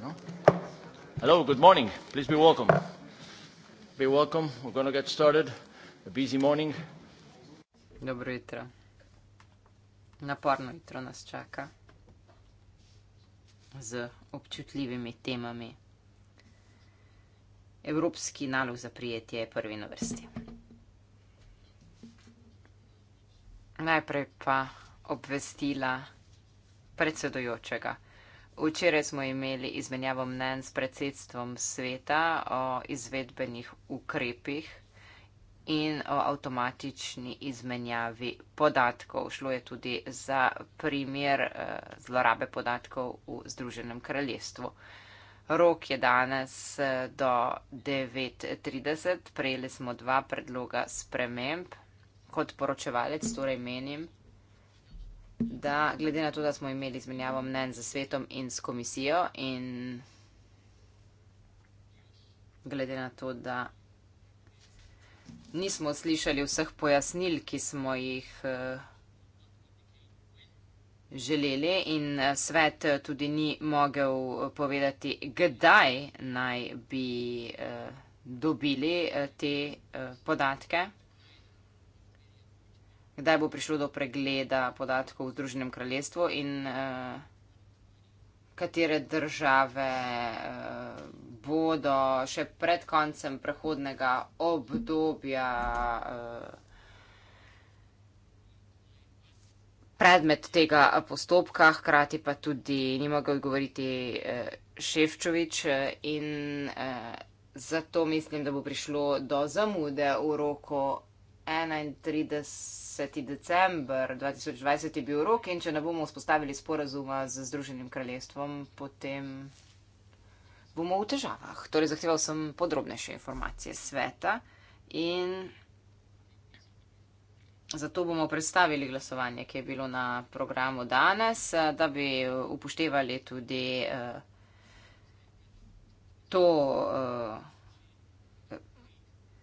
¿no? Hello, good morning. Please be welcome. Be welcome. We're going to get started. A busy morning. Dobro jutro. Naporno jutro nas čaka. Z občutljivimi temami. Evropski nalog za prijetje je prvi na vrsti. Najprej pa obvestila predsedojočega. Včeraj smo imeli izmenjavo mnen s predsedstvom sveta o izvedbenih ukrepih in o avtomatični izmenjavi podatkov. Šlo je tudi za primer eh, zlorabe podatkov v Združenem kraljestvu. Rok je danes eh, do 9.30, prejeli smo dva predloga sprememb. Kot poročevalec torej menim, da glede na to, da smo imeli izmenjavo mnen za svetom in s komisijo in glede na to, da nismo slišali vseh pojasnil, ki smo jih eh, želeli in eh, svet eh, tudi ni mogel povedati, kdaj naj bi dobili te podatke kdaj bo prišlo do pregleda podatkov v Združenem kraljestvu in uh, katere države uh, bodo še pred koncem prehodnega obdobja uh, predmet tega postopka, hkrati pa tudi ni mogel odgovoriti uh, Ševčovič in uh, zato mislim, da bo prišlo do zamude v roku 31. 30. december 2020 je bil rok in če ne bomo vzpostavili sporazuma z Združenim kraljestvom, potem bomo v težavah. Torej, zahteval sem podrobnejše informacije sveta in zato bomo predstavili glasovanje, ki je bilo na programu danes, da bi upoštevali tudi uh, to. Uh,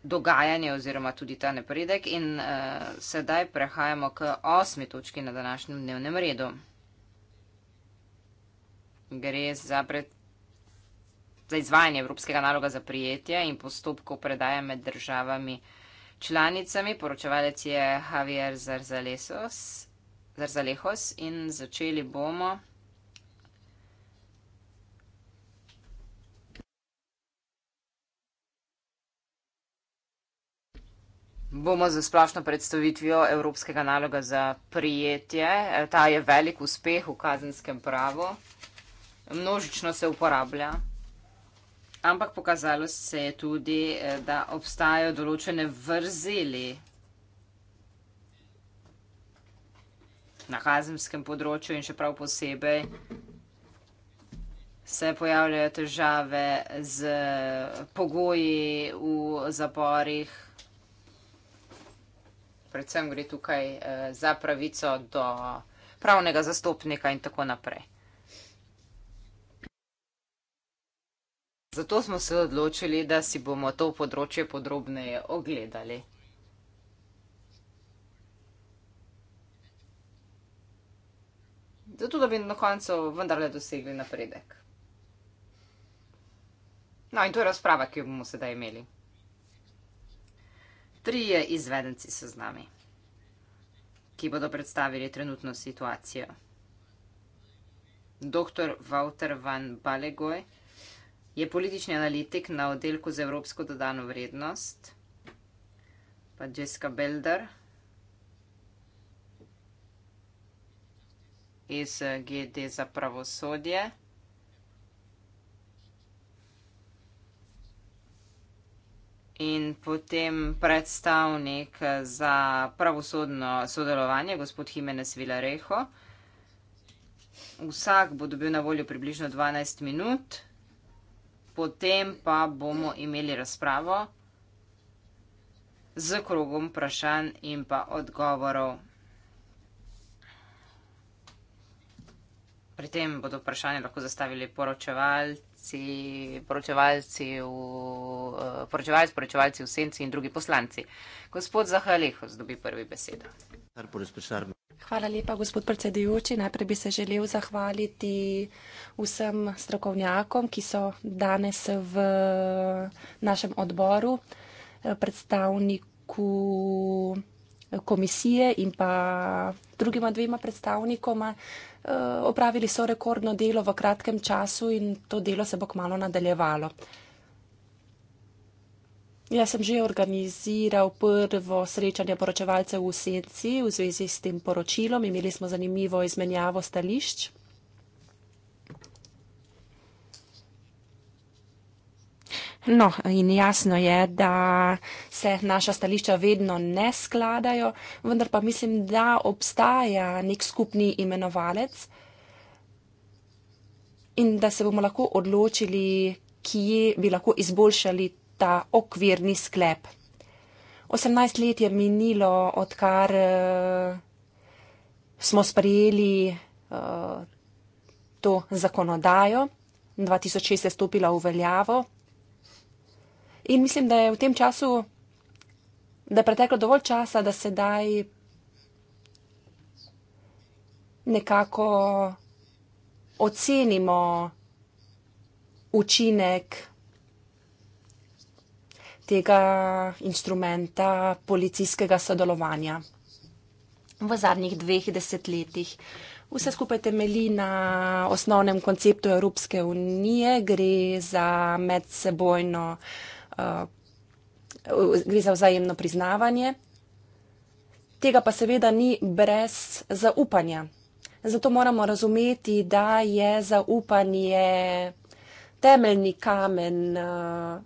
dogajanje oziroma tudi ta napredek in uh, sedaj prehajamo k osmi točki na današnjem dnevnem redu. Gre za, pred, za izvajanje evropskega naloga za prijetje in postopkov predaje med državami članicami. Poročevalec je Javier Zarzalesos, Zarzalehos in začeli bomo. bomo z splošno predstavitvijo Evropskega naloga za prijetje. E, ta je velik uspeh v kazenskem pravu, množično se uporablja. Ampak pokazalo se je tudi, e, da obstajajo določene vrzeli na kazenskem področju in še prav posebej se pojavljajo težave z pogoji v zaporih, predvsem gre tukaj eh, za pravico do pravnega zastopnika in tako naprej. Zato smo se odločili, da si bomo to področje podrobneje ogledali. Zato, da bi na koncu vendarle dosegli napredek. No in to je razprava, ki jo bomo sedaj imeli. Trije izvedenci so z nami, ki bodo predstavili trenutno situacijo. Dr. Walter van Balegoj je politični analitik na oddelku za evropsko dodano vrednost, pa Jessica Belder iz GD za pravosodje. in potem predstavnik za pravosodno sodelovanje, gospod Jimenez Vilarejo. Vsak bo dobil na voljo približno 12 minut, potem pa bomo imeli razpravo z krogom vprašanj in pa odgovorov. Pri tem bodo vprašanje lahko zastavili poročevalci poročevalci, poročevalci, v, eh, poročevalc, poročevalci v senci in drugi poslanci. Gospod Zahalehos dobi prvi besedo. Hvala lepa, gospod predsedujoči. Najprej bi se želel zahvaliti vsem strokovnjakom, ki so danes v našem odboru eh, predstavniku komisije in pa drugima dvema predstavnikoma. Eh, opravili so rekordno delo v kratkem času in to delo se bo kmalo nadaljevalo. Jaz sem že organiziral prvo srečanje poročevalcev v Senci v zvezi s tem poročilom. Imeli smo zanimivo izmenjavo stališč. No, in jasno je, da se naša stališča vedno ne skladajo, vendar pa mislim, da obstaja nek skupni imenovalec in da se bomo lahko odločili, kje bi lahko izboljšali ta okvirni sklep. 18 let je minilo, odkar uh, smo sprejeli uh, to zakonodajo, 2006 je stopila v veljavo, In mislim, da je v tem času, da je preteklo dovolj časa, da se daj nekako ocenimo učinek tega instrumenta policijskega sodelovanja v zadnjih dveh desetletjih. Vse skupaj temelji na osnovnem konceptu Evropske unije, gre za medsebojno uh, Eh, gre za vzajemno priznavanje. Tega pa seveda ni brez zaupanja. Zato moramo razumeti, da je zaupanje temeljni kamen eh,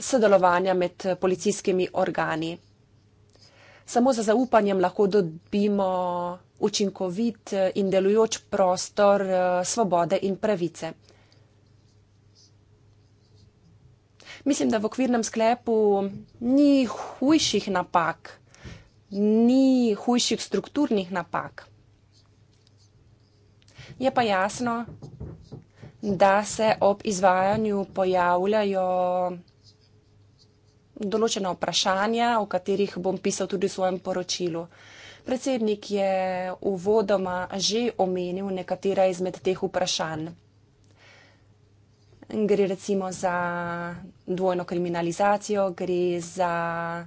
sodelovanja med policijskimi organi. Samo za zaupanjem lahko dobimo učinkovit in delujoč prostor eh, svobode in pravice. Mislim, da v okvirnem sklepu ni hujših napak, ni hujših strukturnih napak. Je pa jasno, da se ob izvajanju pojavljajo določena vprašanja, o katerih bom pisal tudi v svojem poročilu. Predsednik je uvodoma že omenil nekatera izmed teh vprašanj gre recimo za dvojno kriminalizacijo, gre za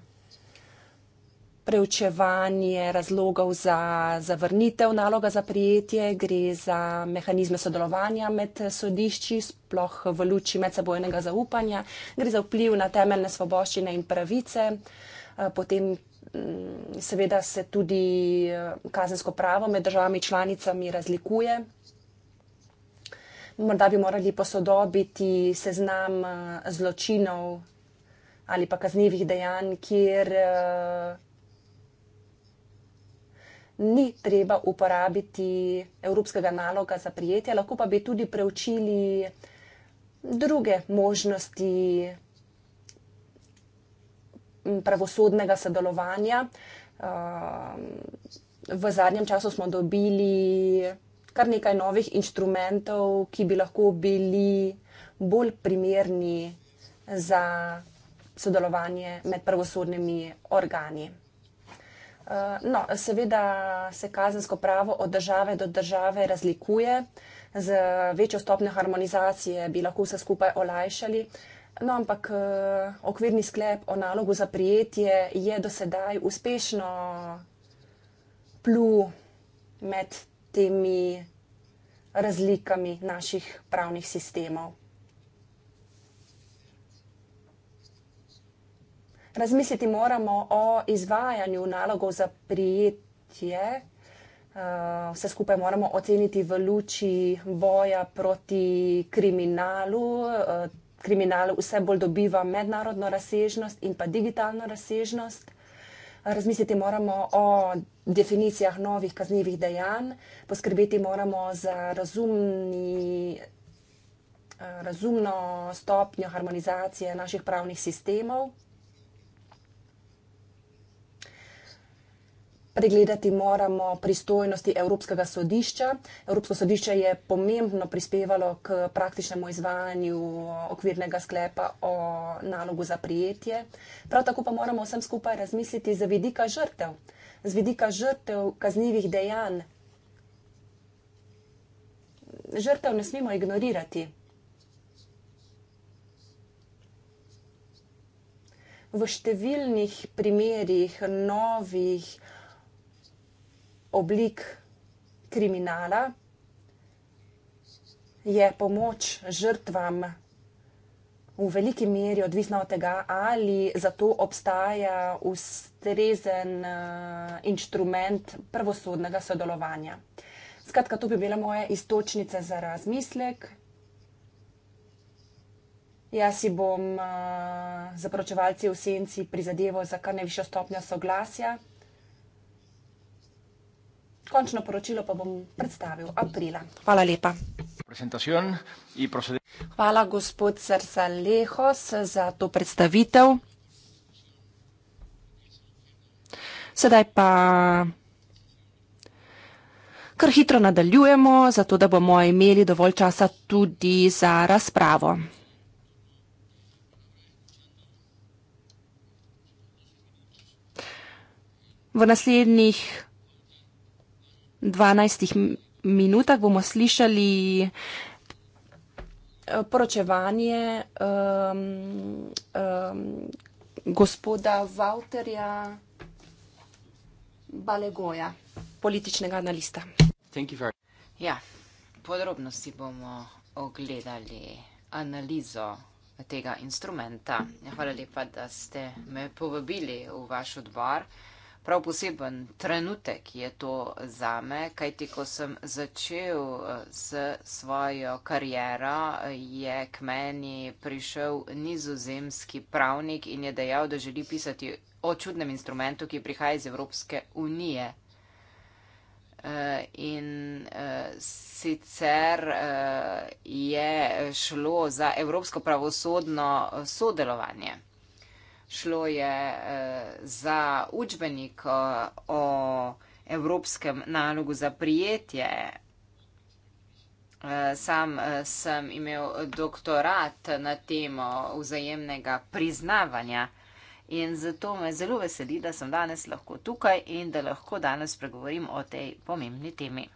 preučevanje razlogov za zavrnitev naloga za prijetje, gre za mehanizme sodelovanja med sodišči, sploh v luči medsebojnega zaupanja, gre za vpliv na temeljne svoboščine in pravice. Eh, potem mm, seveda se tudi eh, kazensko pravo med državami članicami razlikuje morda bi morali posodobiti seznam eh, zločinov ali pa kaznjivih dejanj, kjer eh, ni treba uporabiti evropskega naloga za prijetje, lahko pa bi tudi preučili druge možnosti mm, pravosodnega sodelovanja. Eh, v zadnjem času smo dobili kar nekaj novih inštrumentov, ki bi lahko bili bolj primerni za sodelovanje med pravosodnimi organi. Eh, no, seveda se kazensko pravo od države do države razlikuje, z večjo stopnjo harmonizacije bi lahko vse skupaj olajšali. No, ampak eh, okvirni sklep o nalogu za prijetje je do sedaj uspešno plul med temi razlikami naših pravnih sistemov. Razmisliti moramo o izvajanju nalogov za prijetje. Eh, vse skupaj moramo oceniti v luči boja proti kriminalu. Eh, kriminal vse bolj dobiva mednarodno razsežnost in pa digitalno razsežnost razmisliti moramo o definicijah novih kaznjivih dejanj, poskrbeti moramo za razumni, razumno stopnjo harmonizacije naših pravnih sistemov. pregledati moramo pristojnosti Evropskega sodišča. Evropsko sodišče je pomembno prispevalo k praktičnemu izvajanju okvirnega sklepa o nalogu za prijetje. Prav tako pa moramo vsem skupaj razmisliti z vidika žrtev, z vidika žrtev kaznjivih dejanj. Žrtev ne smemo ignorirati. V številnih primerjih novih oblik kriminala, je pomoč žrtvam v veliki meri odvisna od tega, ali za to obstaja ustrezen uh, inštrument pravosodnega sodelovanja. Skratka, to bi bile moje istočnice za razmislek. Jaz si bom uh, za pročevalce v senci prizadeval za kar najvišjo stopnjo soglasja. Končno poročilo pa bom predstavil aprila. Hvala lepa. Hvala, gospod Srsalehos, za to predstavitev. Sedaj pa kar hitro nadaljujemo, zato da bomo imeli dovolj časa tudi za razpravo. V naslednjih 12 minutah bomo slišali eh, poročevanje um, um, gospoda Vauterja Balegoja, političnega analista. Ja, podrobnosti bomo ogledali analizo tega instrumenta. Hvala lepa, da ste me povabili v vaš odbor prav poseben trenutek je to za me, kajti ko sem začel eh, s svojo kariero, je k meni prišel nizozemski pravnik in je dejal, da želi pisati o čudnem instrumentu, ki prihaja iz Evropske unije. Eh, in eh, sicer je šlo za evropsko pravosodno sodelovanje šlo je eh, za učbenik eh, o evropskem nalogu za prijetje. Eh, sam sem imel doktorat na temo vzajemnega priznavanja in zato me zelo veseli, da sem danes lahko tukaj in da lahko danes pregovorim o tej pomembni temi.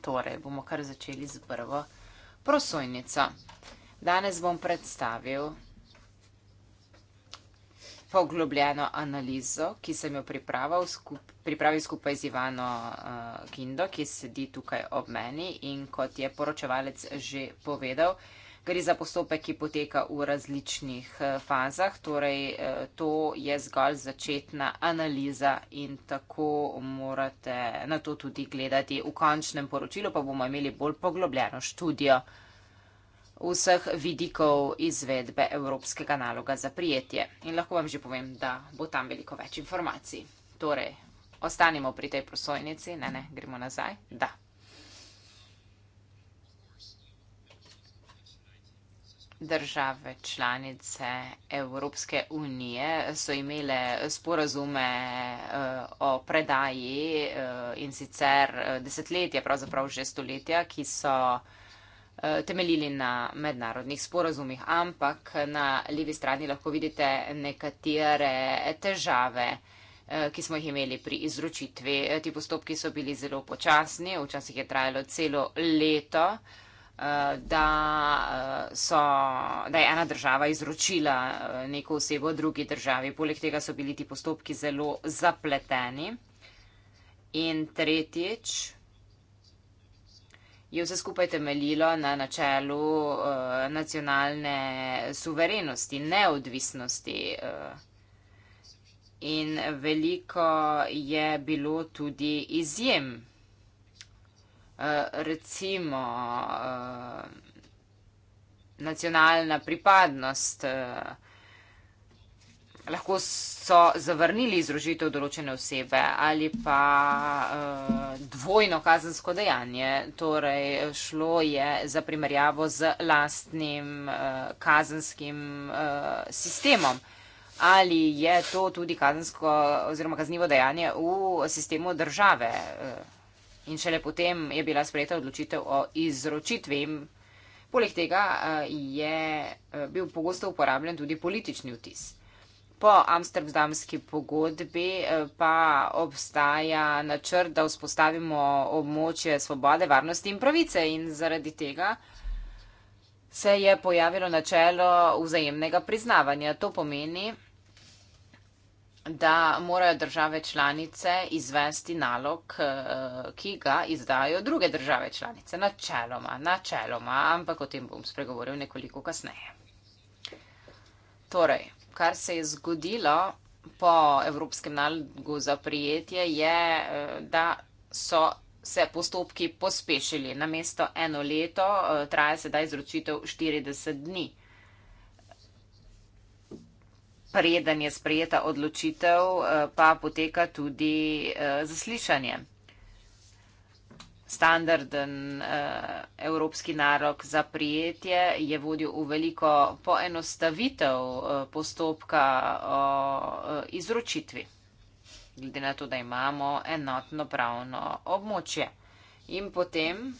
Torej, bomo kar začeli z prvo prosojnico. Danes bom predstavil poglobljeno analizo, ki sem jo pripravil, skup, pripravil skupaj z Ivano uh, Kindo, ki sedi tukaj ob meni in kot je poročevalec že povedal, gre za postopek, ki poteka v različnih uh, fazah, torej uh, to je zgolj začetna analiza in tako morate na to tudi gledati v končnem poročilu, pa bomo imeli bolj poglobljeno študijo. Uh, vseh vidikov izvedbe evropskega naloga za prijetje. In lahko vam že povem, da bo tam veliko več informacij. Torej, ostanimo pri tej prosojnici, ne, ne, gremo nazaj. Da. Države članice Evropske unije so imele sporazume eh, o predaji eh, in sicer eh, desetletja, pravzaprav že stoletja, ki so. Eh, temeljili na mednarodnih sporazumih, ampak na levi strani lahko vidite nekatere težave, eh, ki smo jih imeli pri izročitvi. Eh, ti postopki so bili zelo počasni, včasih je trajalo celo leto, da, so, da je ena država izročila neko osebo drugi državi. Poleg tega so bili ti postopki zelo zapleteni. In tretjič, je vse skupaj temeljilo na načelu uh, nacionalne suverenosti, neodvisnosti. Uh, in veliko je bilo tudi izjem. Uh, recimo uh, nacionalna pripadnost. Uh, lahko so zavrnili izrožitev določene osebe ali pa uh, dvojno kazensko dejanje. Torej, šlo je za primerjavo z lastnim uh, kazenskim uh, sistemom. Ali je to tudi kazensko oziroma kaznivo dejanje v sistemu države? In šele potem je bila sprejeta odločitev o izročitvi. Poleg tega je bil pogosto uporabljen tudi politični vtis. Po amsterdamski pogodbi eh, pa obstaja načrt, da vzpostavimo območje svobode, varnosti in pravice in zaradi tega se je pojavilo načelo vzajemnega priznavanja. To pomeni, da morajo države članice izvesti nalog, eh, ki ga izdajo druge države članice. Načeloma, načeloma, ampak o tem bom spregovoril nekoliko kasneje. Torej, kar se je zgodilo po Evropskem nalogu za prijetje, je, eh, da so se postopki pospešili. Na mesto eno leto eh, traja sedaj izročitev 40 dni. Preden je sprejeta odločitev, eh, pa poteka tudi zaslišanje standarden uh, evropski narok za prijetje je vodil v veliko poenostavitev uh, postopka o uh, izročitvi, glede na to, da imamo enotno pravno območje. In potem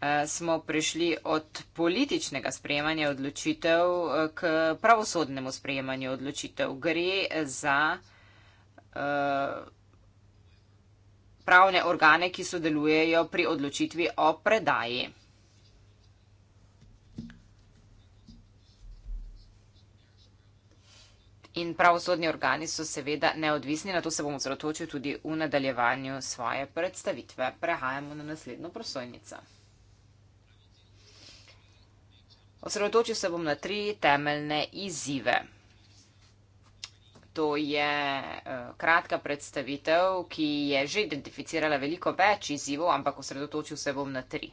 uh, smo prišli od političnega sprejemanja odločitev k pravosodnemu sprejemanju odločitev. Gre za. Uh, pravne organe, ki sodelujejo pri odločitvi o predaji. In pravosodni organi so seveda neodvisni, na to se bom osredotočil tudi v nadaljevanju svoje predstavitve. Prehajamo na naslednjo prosojnico. Osredotočil se bom na tri temeljne izzive to je eh, kratka predstavitev, ki je že identificirala veliko več izzivov, ampak osredotočil se bom na tri.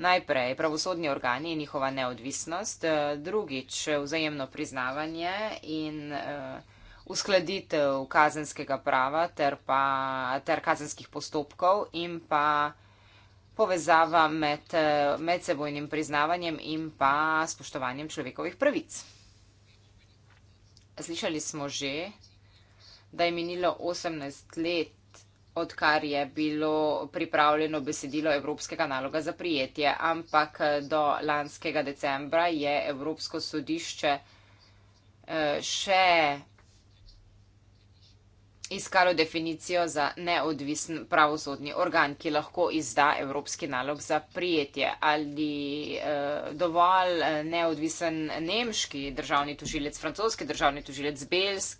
Najprej pravosodni organi in njihova neodvisnost, eh, drugič vzajemno priznavanje in eh, uskladitev kazenskega prava ter, pa, ter kazenskih postopkov in pa povezava med medsebojnim priznavanjem in pa spoštovanjem človekovih pravic slišali smo že, da je minilo 18 let, odkar je bilo pripravljeno besedilo Evropskega naloga za prijetje, ampak do lanskega decembra je Evropsko sodišče eh, še iskalo definicijo za neodvisen pravosodni organ, ki lahko izda evropski nalog za prijetje. Ali eh, dovolj eh, neodvisen nemški državni tožilec, francoski državni tožilec,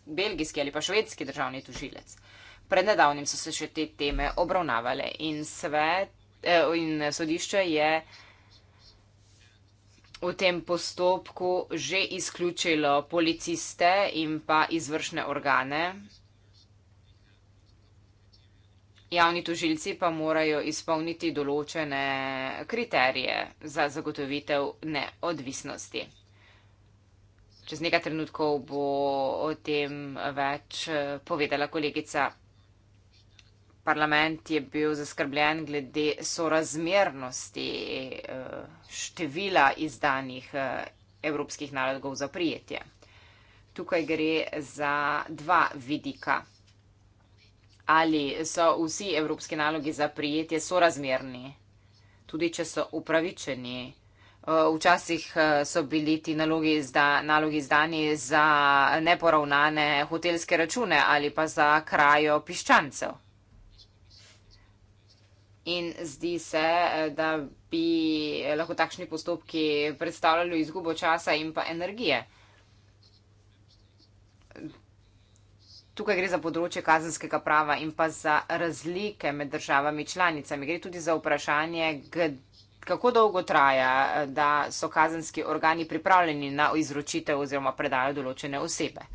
belgijski ali pa švedski državni tožilec. Pred nedavnim so se še te teme obravnavale in, svet, eh, in sodišče je v tem postopku že izključilo policiste in pa izvršne organe. Javni tožilci pa morajo izpolniti določene kriterije za zagotovitev neodvisnosti. Čez nekaj trenutkov bo o tem več eh, povedala kolegica. Parlament je bil zaskrbljen glede sorazmernosti eh, števila izdanih eh, evropskih nalogov za prijetje. Tukaj gre za dva vidika ali so vsi evropski nalogi za prijetje sorazmerni, tudi če so upravičeni. Eh, včasih eh, so bili ti nalogi, zda, nalogi zdani za neporavnane hotelske račune ali pa za krajo piščancev. In zdi se, eh, da bi lahko takšni postopki predstavljali izgubo časa in pa energije. Tukaj gre za področje kazenskega prava in pa za razlike med državami članicami. Gre tudi za vprašanje, kako dolgo traja, da so kazenski organi pripravljeni na izročitev oziroma predajo določene osebe.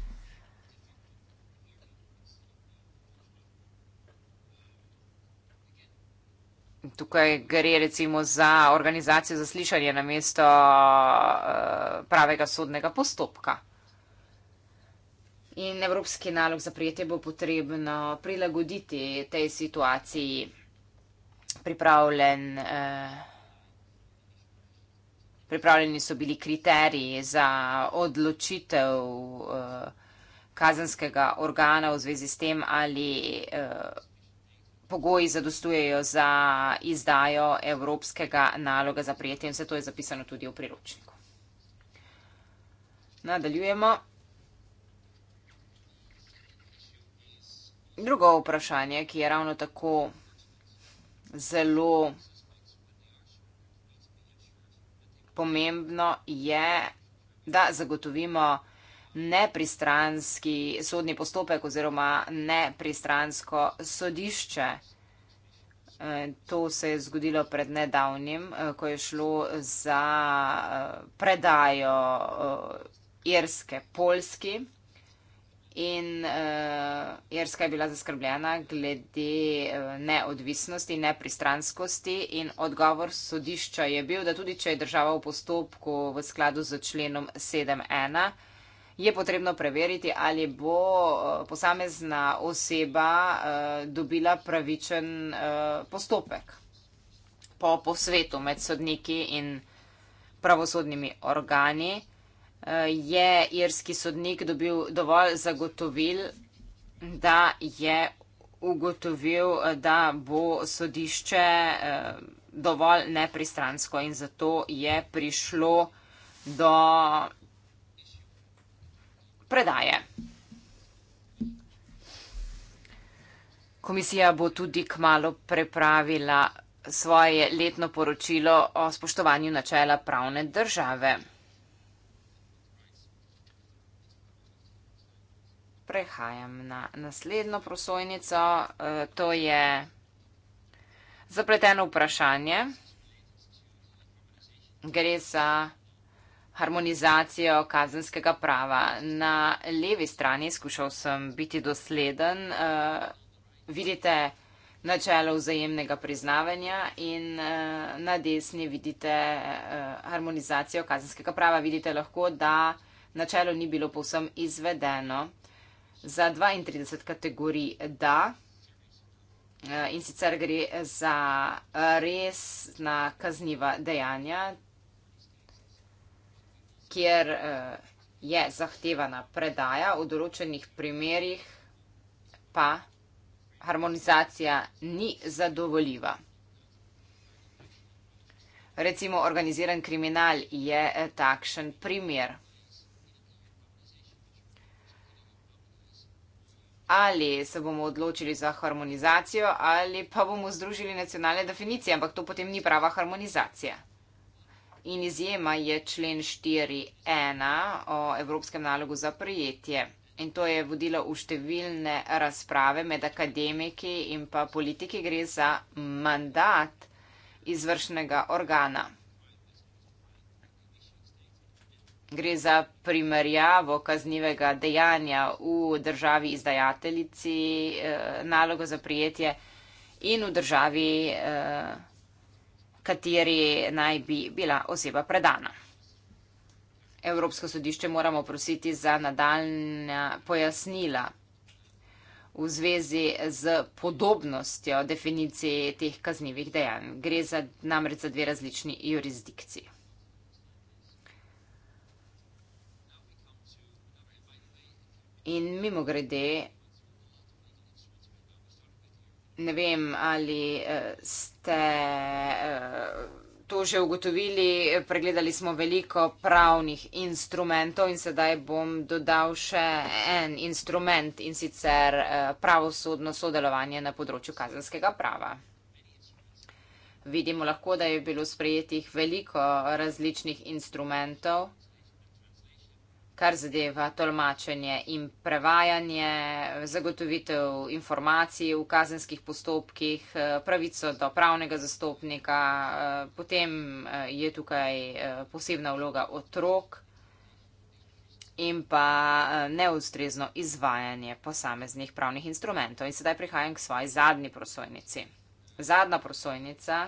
Tukaj gre recimo za organizacijo zaslišanja na mesto eh, pravega sodnega postopka. In evropski nalog za prijetje bo potrebno prilagoditi tej situaciji pripravljen. Eh, pripravljeni so bili kriteriji za odločitev eh, kazanskega organa v zvezi s tem, ali eh, pogoji zadostujejo za izdajo evropskega naloga za prijetje in vse to je zapisano tudi v priročniku. Nadaljujemo. drugo vprašanje, ki je ravno tako zelo pomembno, je, da zagotovimo nepristranski sodni postopek oziroma nepristransko sodišče. E, to se je zgodilo pred nedavnim, e, ko je šlo za e, predajo irske polski. In uh, Irska je bila zaskrbljena glede uh, neodvisnosti, nepristranskosti in odgovor sodišča je bil, da tudi če je država v postopku v skladu z členom 7.1, je potrebno preveriti, ali bo uh, posamezna oseba uh, dobila pravičen uh, postopek po posvetu med sodniki in pravosodnimi organi je irski sodnik dobil dovolj zagotovil, da je ugotovil, da bo sodišče eh, dovolj nepristransko in zato je prišlo do predaje. Komisija bo tudi k malo prepravila svoje letno poročilo o spoštovanju načela pravne države. prehajam na naslednjo prosojnico, e, to je zapleteno vprašanje. Gre za harmonizacijo kazenskega prava. Na levi strani skušal sem biti dosleden. E, vidite načelo vzajemnega priznavanja in e, na desni vidite harmonizacijo kazenskega prava. Vidite lahko, da načelo ni bilo povsem izvedeno za 32 kategorij da. Eh, in sicer gre za eh, resna kazniva dejanja, kjer eh, je zahtevana predaja, v določenih primerjih pa harmonizacija ni zadovoljiva. Recimo organiziran kriminal je takšen primer. ali se bomo odločili za harmonizacijo, ali pa bomo združili nacionalne definicije, ampak to potem ni prava harmonizacija. In izjema je člen 4.1 o Evropskem nalogu za prijetje. In to je vodilo v številne razprave med akademiki in pa politiki. Gre za mandat izvršnega organa. Gre za primerjavo kaznivega dejanja v državi izdajateljici eh, nalogo za prijetje in v državi, eh, kateri naj bi bila oseba predana. Evropsko sodišče moramo prositi za nadaljna pojasnila v zvezi z podobnostjo definicij teh kaznivih dejanj. Gre za, namreč za dve različni jurisdikciji. In mimo grede, ne vem, ali eh, ste eh, to že ugotovili, pregledali smo veliko pravnih instrumentov in sedaj bom dodal še en instrument in sicer eh, pravosodno sodelovanje na področju kazenskega prava. Vidimo lahko, da je bilo sprejetih veliko različnih instrumentov kar zadeva tolmačenje in prevajanje, zagotovitev informacij v kazenskih postopkih, eh, pravico do pravnega zastopnika, eh, potem eh, je tukaj posebna vloga otrok in pa neustrezno izvajanje posameznih pravnih instrumentov. In sedaj prihajam k svoji zadnji prosojnici. Zadnja prosojnica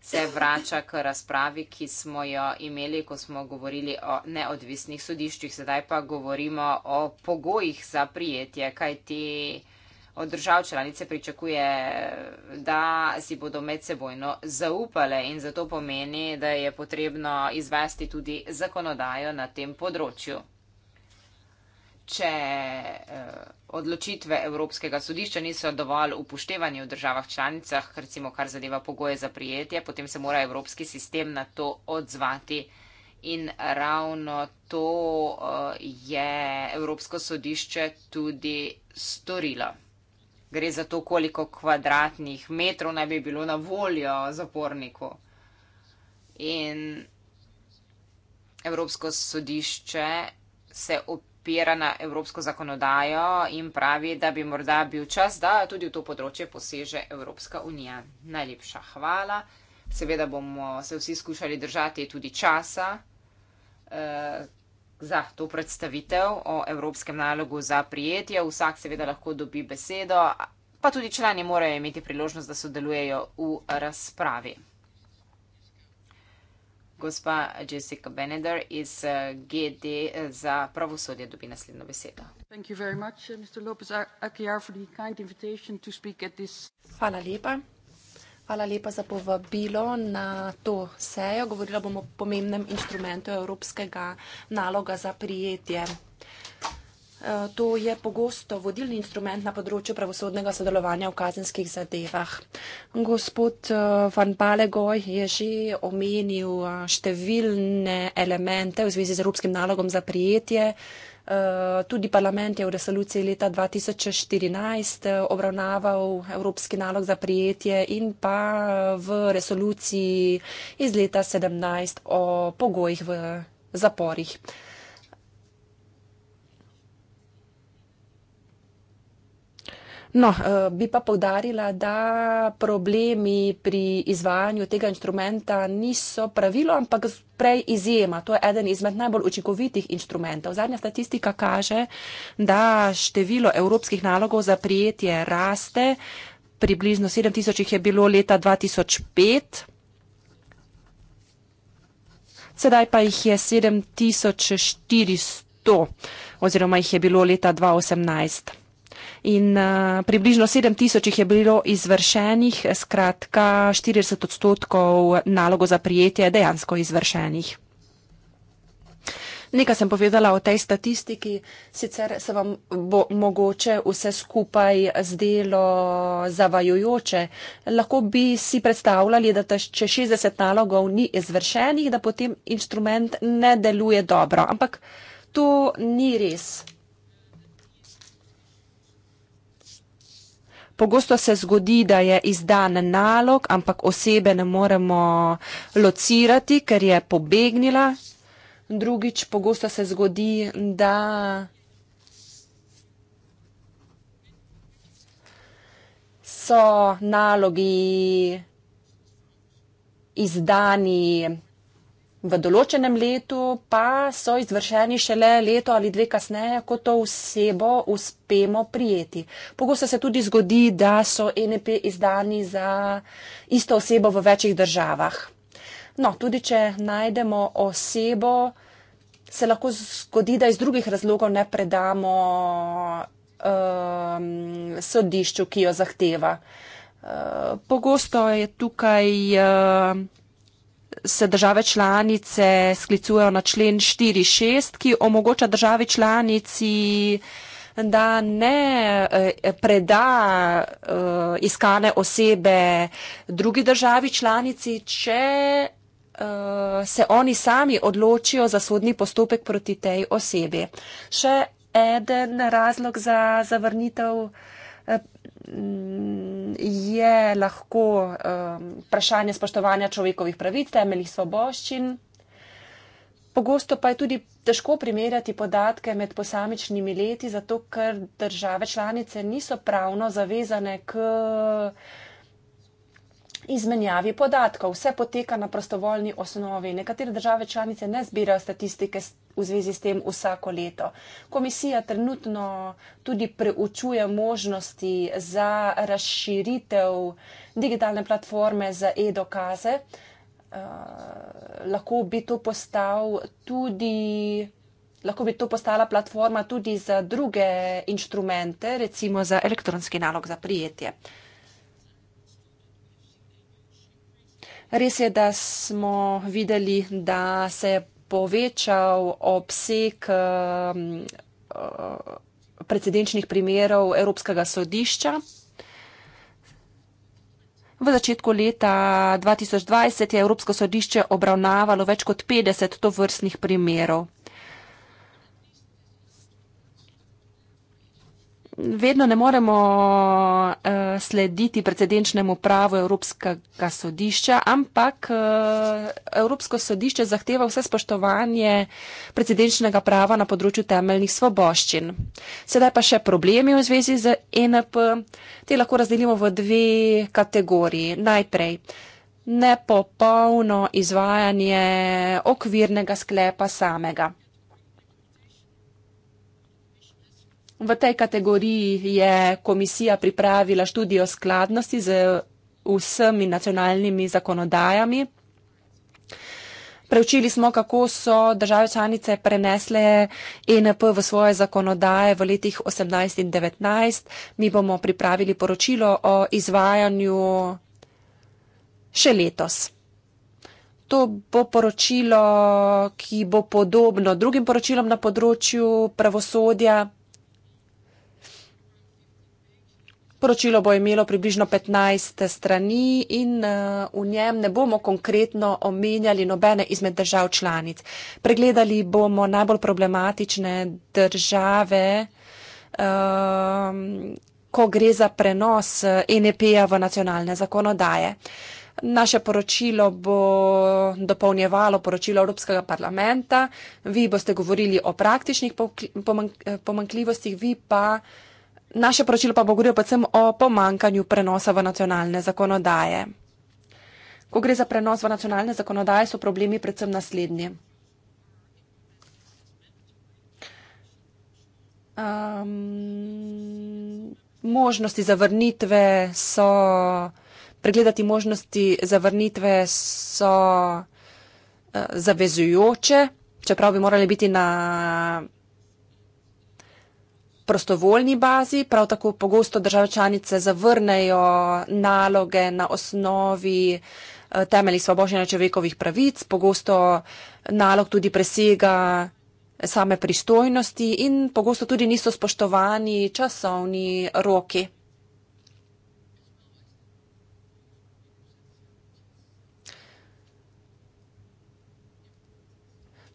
se vrača k razpravi, ki smo jo imeli, ko smo govorili o neodvisnih sodiščih. Sedaj pa govorimo o pogojih za prijetje, kaj ti od držav članice pričakuje, da si bodo medsebojno zaupale in zato pomeni, da je potrebno izvesti tudi zakonodajo na tem področju. Če eh, odločitve Evropskega sodišča niso dovolj upoštevani v državah članicah, recimo kar zadeva pogoje za prijetje, potem se mora evropski sistem na to odzvati. In ravno to eh, je Evropsko sodišče tudi storilo. Gre za to, koliko kvadratnih metrov naj bi bilo na voljo zaporniku. In Evropsko sodišče se opisuje opira na evropsko zakonodajo in pravi, da bi morda bil čas, da tudi v to področje poseže Evropska unija. Najlepša hvala. Seveda bomo se vsi skušali držati tudi časa eh, za to predstavitev o evropskem nalogu za prijetje. Vsak seveda lahko dobi besedo, pa tudi člani morajo imeti priložnost, da sodelujejo v razpravi. Gospa Jessica Beneder iz eh, GD eh, za pravosodje dobi naslednjo besedo. Much, eh, Lopez, Hvala lepa. Hvala lepa za povabilo na to sejo. Govorila bomo o pomembnem instrumentu evropskega naloga za prijetje To je pogosto vodilni instrument na področju pravosodnega sodelovanja v kazenskih zadevah. Gospod eh, Van Palegoj je že omenil eh, številne elemente v zvezi z evropskim nalogom za prijetje. Eh, tudi parlament je v resoluciji leta 2014 obravnaval evropski nalog za prijetje in pa v resoluciji iz leta 2017 o pogojih v zaporih. No, eh, bi pa povdarila, da problemi pri izvajanju tega inštrumenta niso pravilo, ampak prej izjema. To je eden izmed najbolj učinkovitih inštrumentov. Zadnja statistika kaže, da število evropskih nalogov za prijetje raste. Približno 7000 jih je bilo leta 2005. Sedaj pa jih je 7400 oziroma jih je bilo leta 2018. In uh, približno 7000 jih je bilo izvršenih, skratka 40 odstotkov nalogo za prijetje je dejansko izvršenih. Nekaj sem povedala o tej statistiki, sicer se vam bo mogoče vse skupaj zdelo zavajojoče. Lahko bi si predstavljali, da če 60 nalogov ni izvršenih, da potem instrument ne deluje dobro. Ampak to ni res. Pogosto se zgodi, da je izdan nalog, ampak osebe ne moremo locirati, ker je pobegnila. Drugič, pogosto se zgodi, da so nalogi izdani V določenem letu pa so izvršeni šele leto ali dve kasneje, ko to osebo uspemo prijeti. Pogosto se tudi zgodi, da so NEP izdani za isto osebo v večjih državah. No, tudi če najdemo osebo, se lahko zgodi, da iz drugih razlogov ne predamo um, sodišču, ki jo zahteva. Uh, pogosto je tukaj. Uh, se države članice sklicujejo na člen 4.6, ki omogoča državi članici, da ne eh, preda uh, iskane osebe drugi državi članici, če uh, se oni sami odločijo za sodni postopek proti tej osebi. Še eden razlog za zavrnitev. Mm, je lahko um, vprašanje spoštovanja človekovih pravic, temeljih svoboščin. Pogosto pa je tudi težko primerjati podatke med posamičnimi leti, zato ker države članice niso pravno zavezane k izmenjavi podatkov. Vse poteka na prostovoljni osnovi. Nekatere države članice ne zbirajo statistike v zvezi s tem vsako leto. Komisija trenutno tudi preučuje možnosti za razširitev digitalne platforme za e-dokaze. Uh, lahko bi to postal tudi. Lahko bi to postala platforma tudi za druge inštrumente, recimo za elektronski nalog za prijetje. Res je, da smo videli, da se je povečal obseg um, uh, precedenčnih primerov Evropskega sodišča. V začetku leta 2020 je Evropsko sodišče obravnavalo več kot 50 to vrstnih primerov. vedno ne moremo uh, slediti precedenčnemu pravu Evropskega sodišča, ampak uh, Evropsko sodišče zahteva vse spoštovanje precedenčnega prava na področju temeljnih svoboščin. Sedaj pa še problemi v zvezi z ENP. Te lahko razdelimo v dve kategoriji. Najprej. Nepopolno izvajanje okvirnega sklepa samega. V tej kategoriji je komisija pripravila študijo skladnosti z vsemi nacionalnimi zakonodajami. Preučili smo, kako so države članice prenesle ENP v svoje zakonodaje v letih 18 in 19. Mi bomo pripravili poročilo o izvajanju še letos. To bo poročilo, ki bo podobno drugim poročilom na področju pravosodja. Poročilo bo imelo približno 15 strani in eh, v njem ne bomo konkretno omenjali nobene izmed držav članic. Pregledali bomo najbolj problematične države, eh, ko gre za prenos eh, NEP-ja v nacionalne zakonodaje. Naše poročilo bo dopolnjevalo poročilo Evropskega parlamenta, vi boste govorili o praktičnih pomankljivostih, vi pa. Naše poročilo pa bo govorilo predvsem o pomankanju prenosa v nacionalne zakonodaje. Ko gre za prenos v nacionalne zakonodaje, so problemi predvsem naslednji. Um, možnosti zavrnitve so, pregledati možnosti zavrnitve so uh, zavezujoče, čeprav bi morali biti na prostovoljni bazi, prav tako pogosto države članice zavrnejo naloge na osnovi eh, temeljih svoboženja človekovih pravic, pogosto nalog tudi presega same pristojnosti in pogosto tudi niso spoštovani časovni roki.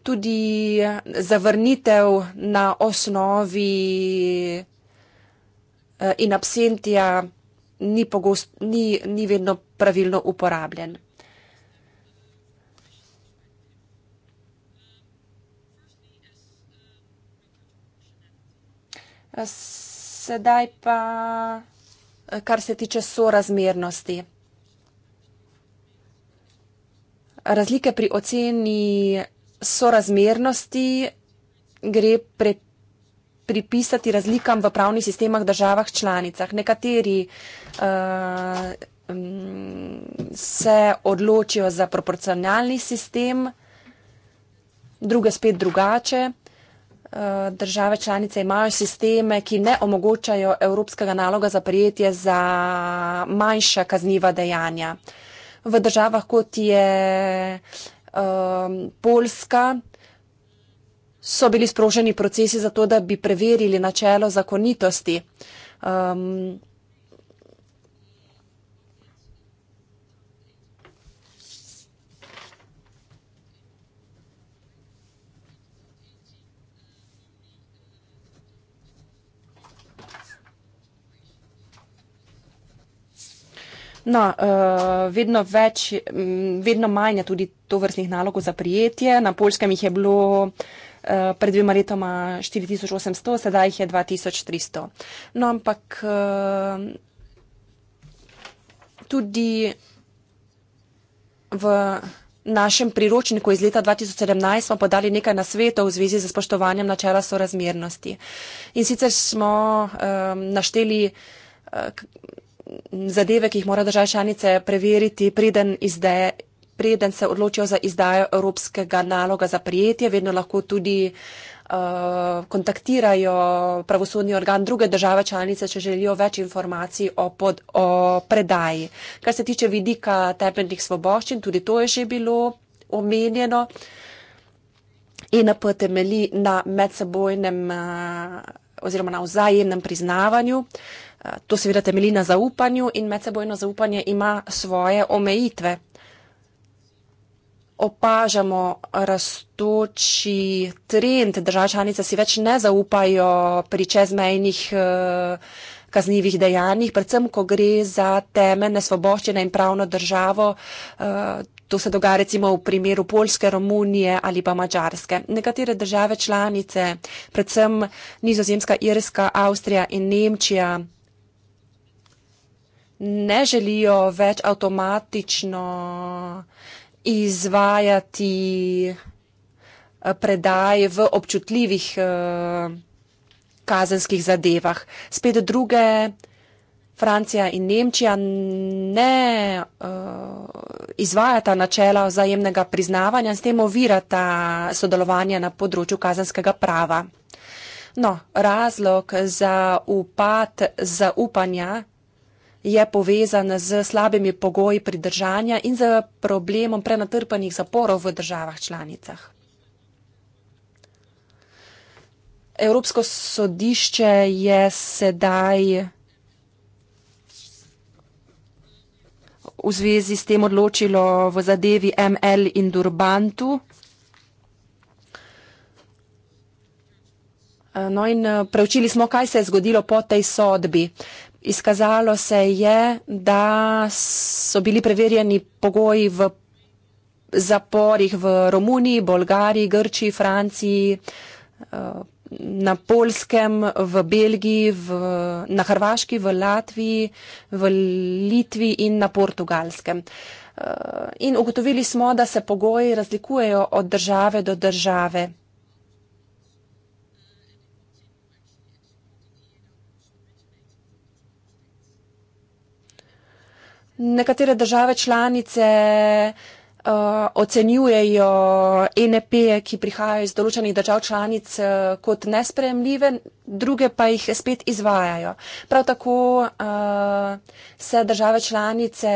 tudi zavrnitev na osnovi eh, in absentija ni, pogost, ni, ni vedno pravilno uporabljen. Sedaj pa, eh, kar se tiče sorazmernosti. Razlike pri oceni sorazmernosti gre pre, pripisati razlikam v pravnih sistemah v državah članicah. Nekateri uh, se odločijo za proporcionalni sistem, druge spet drugače. Eh, države članice imajo sisteme, ki ne omogočajo evropskega naloga za prijetje za manjša kazniva dejanja. V državah, kot je um, Poljska, so bili sproženi procesi za to, da bi preverili načelo zakonitosti. Um, No, uh, vedno več, um, vedno manja tudi to vrstnih nalog za prijetje. Na polskem jih je bilo eh, pred dvema letoma 4800, sedaj jih je 2300. No, ampak eh, tudi v. V našem priročniku iz leta 2017 smo podali nekaj nasvetov v zvezi z spoštovanjem načela sorazmernosti. In sicer smo um, našteli um, zadeve, ki jih mora država članice preveriti, preden izde, preden se odločijo za izdajo evropskega naloga za prijetje, vedno lahko tudi uh, kontaktirajo pravosodni organ druge države članice, če želijo več informacij o, pod, o predaji. Kar se tiče vidika temeljnih svoboščin, tudi to je že bilo omenjeno. ENP temeli na medsebojnem uh, oziroma na vzajemnem priznavanju. Uh, to seveda temeli na zaupanju in medsebojno zaupanje ima svoje omejitve opažamo rastoči trend. Država članica si več ne zaupajo pri čezmejnih eh, kaznjivih dejanjih, predvsem, ko gre za temene svoboščine in pravno državo. Eh, to se dogaja recimo v primeru Polske, Romunije ali pa Mačarske. Nekatere države članice, predvsem Nizozemska, Irska, Avstrija in Nemčija, ne želijo več avtomatično izvajati eh, predaj v občutljivih eh, kazenskih zadevah. Spet druge, Francija in Nemčija ne uh, izvajata načela vzajemnega priznavanja in s tem ovirata sodelovanje na področju kazenskega prava. No, razlog za upad zaupanja je povezan z slabimi pogoji pridržanja in z problemom prenatrpanih zaporov v državah članicah. Evropsko sodišče je sedaj v zvezi s tem odločilo v zadevi ML in Durbantu. No in eh, preučili smo, kaj se je zgodilo po tej sodbi izkazalo se je, da so bili preverjeni pogoji v zaporih v Romuniji, Bolgariji, Grčiji, Franciji, eh, na Polskem, v Belgiji, v, na Hrvaški, v Latviji, v Litvi in na Portugalskem. Eh, in ugotovili smo, da se pogoji razlikujejo od države do države. nekatere države članice uh, ocenjujejo e NP-je, ki prihajajo iz določenih držav članic, uh, kot nespremljive, druge pa jih spet izvajajo. Prav tako uh, se države članice.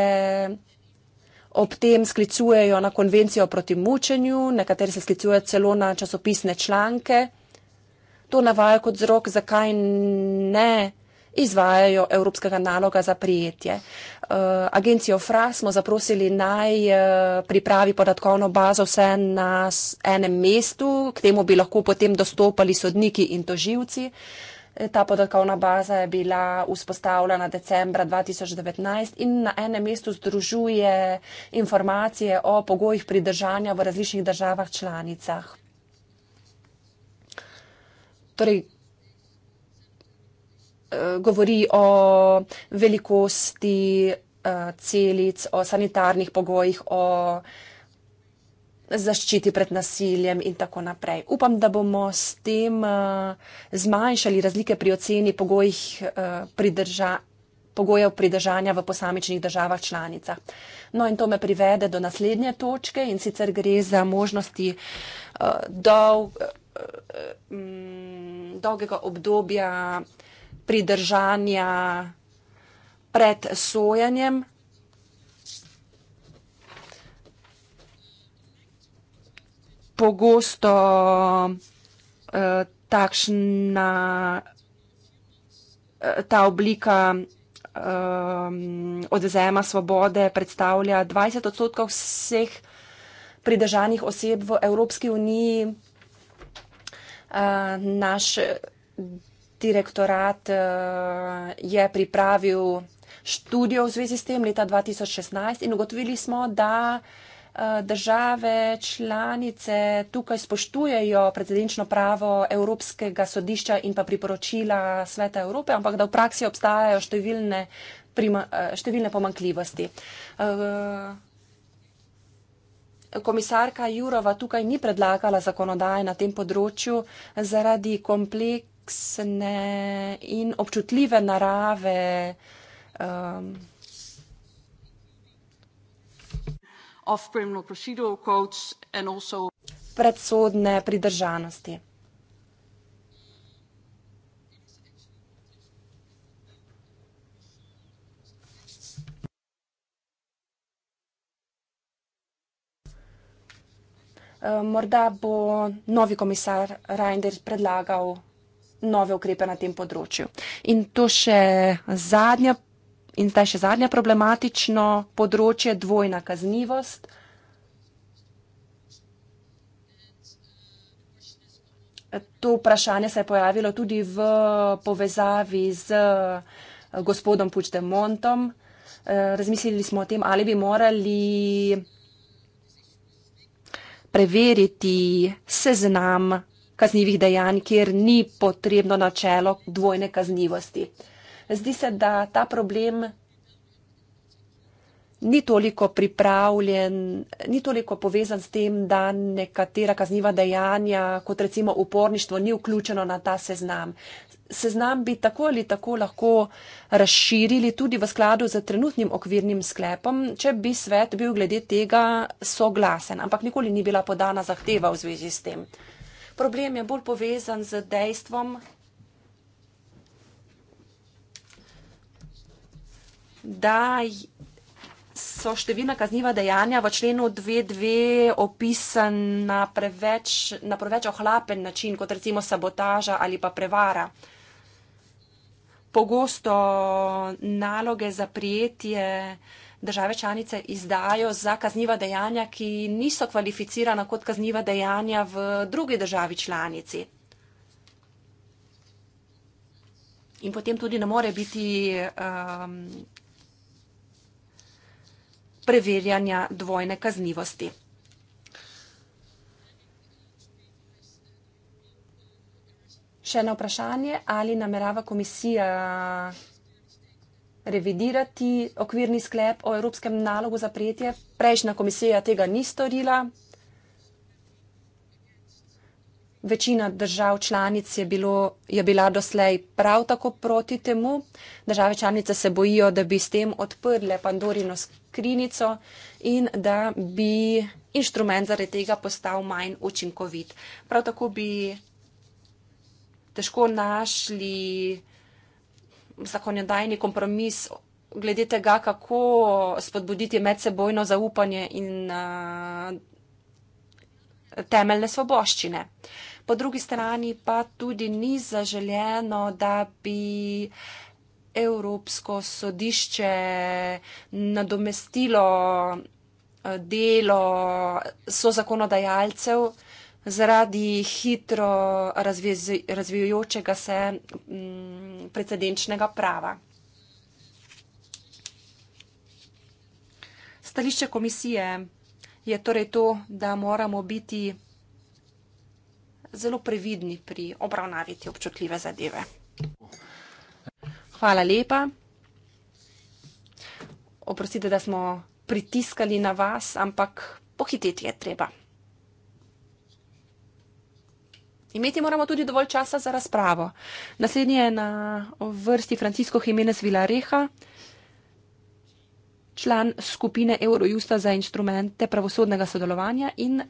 Ob tem sklicujejo na konvencijo proti mučenju, nekateri se sklicujejo celo na časopisne članke. To navajo kot zrok, zakaj ne izvajajo evropskega naloga za prijetje. Eh, agencijo FRA smo zaprosili naj eh, pripravi podatkovno bazo vse na enem mestu, k temu bi lahko potem dostopali sodniki in toživci. Eh, ta podatkovna baza je bila vzpostavljena decembra 2019 in na enem mestu združuje informacije o pogojih pridržanja v različnih državah članicah. Torej, Eh, govori o velikosti eh, celic, o sanitarnih pogojih, o zaščiti pred nasiljem in tako naprej. Upam, da bomo s tem eh, zmanjšali razlike pri oceni pogojih pridržanja pogojev pridržanja v posamičnih državah članicah. No in to me privede do naslednje točke in sicer gre za možnosti uh, dolg, uh, um, dolgega obdobja uh, pridržanja pred sojenjem. Pogosto eh, takšna eh, ta oblika eh, odzema svobode predstavlja 20 odstotkov vseh pridržanih oseb v Evropski uniji. Eh, naš direktorat eh, je pripravil študijo v zvezi s tem leta 2016 in ugotovili smo, da eh, države članice tukaj spoštujejo predsednično pravo Evropskega sodišča in pa priporočila Sveta Evrope, ampak da v praksi obstajajo številne, prima, eh, številne pomankljivosti. Komisarka Jurova tukaj ni predlagala zakonodaje na tem področju zaradi kompleks kompleksne in občutljive narave. Um, predsodne pridržanosti. Uh, morda bo novi komisar Reinders predlagal nove ukrepe na tem področju. In to še zadnja, in zdaj še zadnja problematično področje, dvojna kaznivost. To vprašanje se je pojavilo tudi v povezavi z eh, gospodom Puigdemontom. Eh, razmislili smo o tem, ali bi morali preveriti seznam kaznjivih dejanj, kjer ni potrebno načelo dvojne kaznivosti. Zdi se, da ta problem ni toliko pripravljen, ni toliko povezan s tem, da nekatera kazniva dejanja, kot recimo uporništvo, ni vključeno na ta seznam. Seznam bi tako ali tako lahko razširili tudi v skladu z trenutnim okvirnim sklepom, če bi svet bil glede tega soglasen, ampak nikoli ni bila podana zahteva v zvezi s tem. Problem je bolj povezan z dejstvom, da so števina kazniva dejanja v členu 2.2 opisana preveč, na preveč ohlapen način, kot recimo sabotaža ali pa prevara. Pogosto naloge za prijetje države članice izdajo za kazniva dejanja, ki niso kvalificirana kot kazniva dejanja v drugi državi članici. In potem tudi ne more biti um, preverjanja dvojne kaznivosti. Še eno vprašanje, ali namerava komisija revidirati okvirni sklep o evropskem nalogu za prijetje. Prejšnja komisija tega ni storila. Večina držav članic je, bilo, je bila doslej prav tako proti temu. Države članice se bojijo, da bi s tem odprle Pandorino skrinico in da bi inštrument zaradi tega postal manj učinkovit. Prav tako bi težko našli zakonodajni kompromis glede tega, kako spodbuditi medsebojno zaupanje in uh, temeljne svoboščine. Po drugi strani pa tudi ni zaželjeno, da bi Evropsko sodišče nadomestilo eh, delo so zakonodajalcev, zaradi hitro razvezi, razvijajočega se mm, precedenčnega prava. Stališče komisije je torej to, da moramo biti zelo previdni pri obravnavi te občutljive zadeve. Hvala lepa. Oprostite, da smo pritiskali na vas, ampak pohiteti je treba. Imeti moramo tudi dovolj časa za razpravo. Naslednji je na vrsti Francisco Jimenez Villareha, član skupine Eurojusta za instrumente pravosodnega sodelovanja in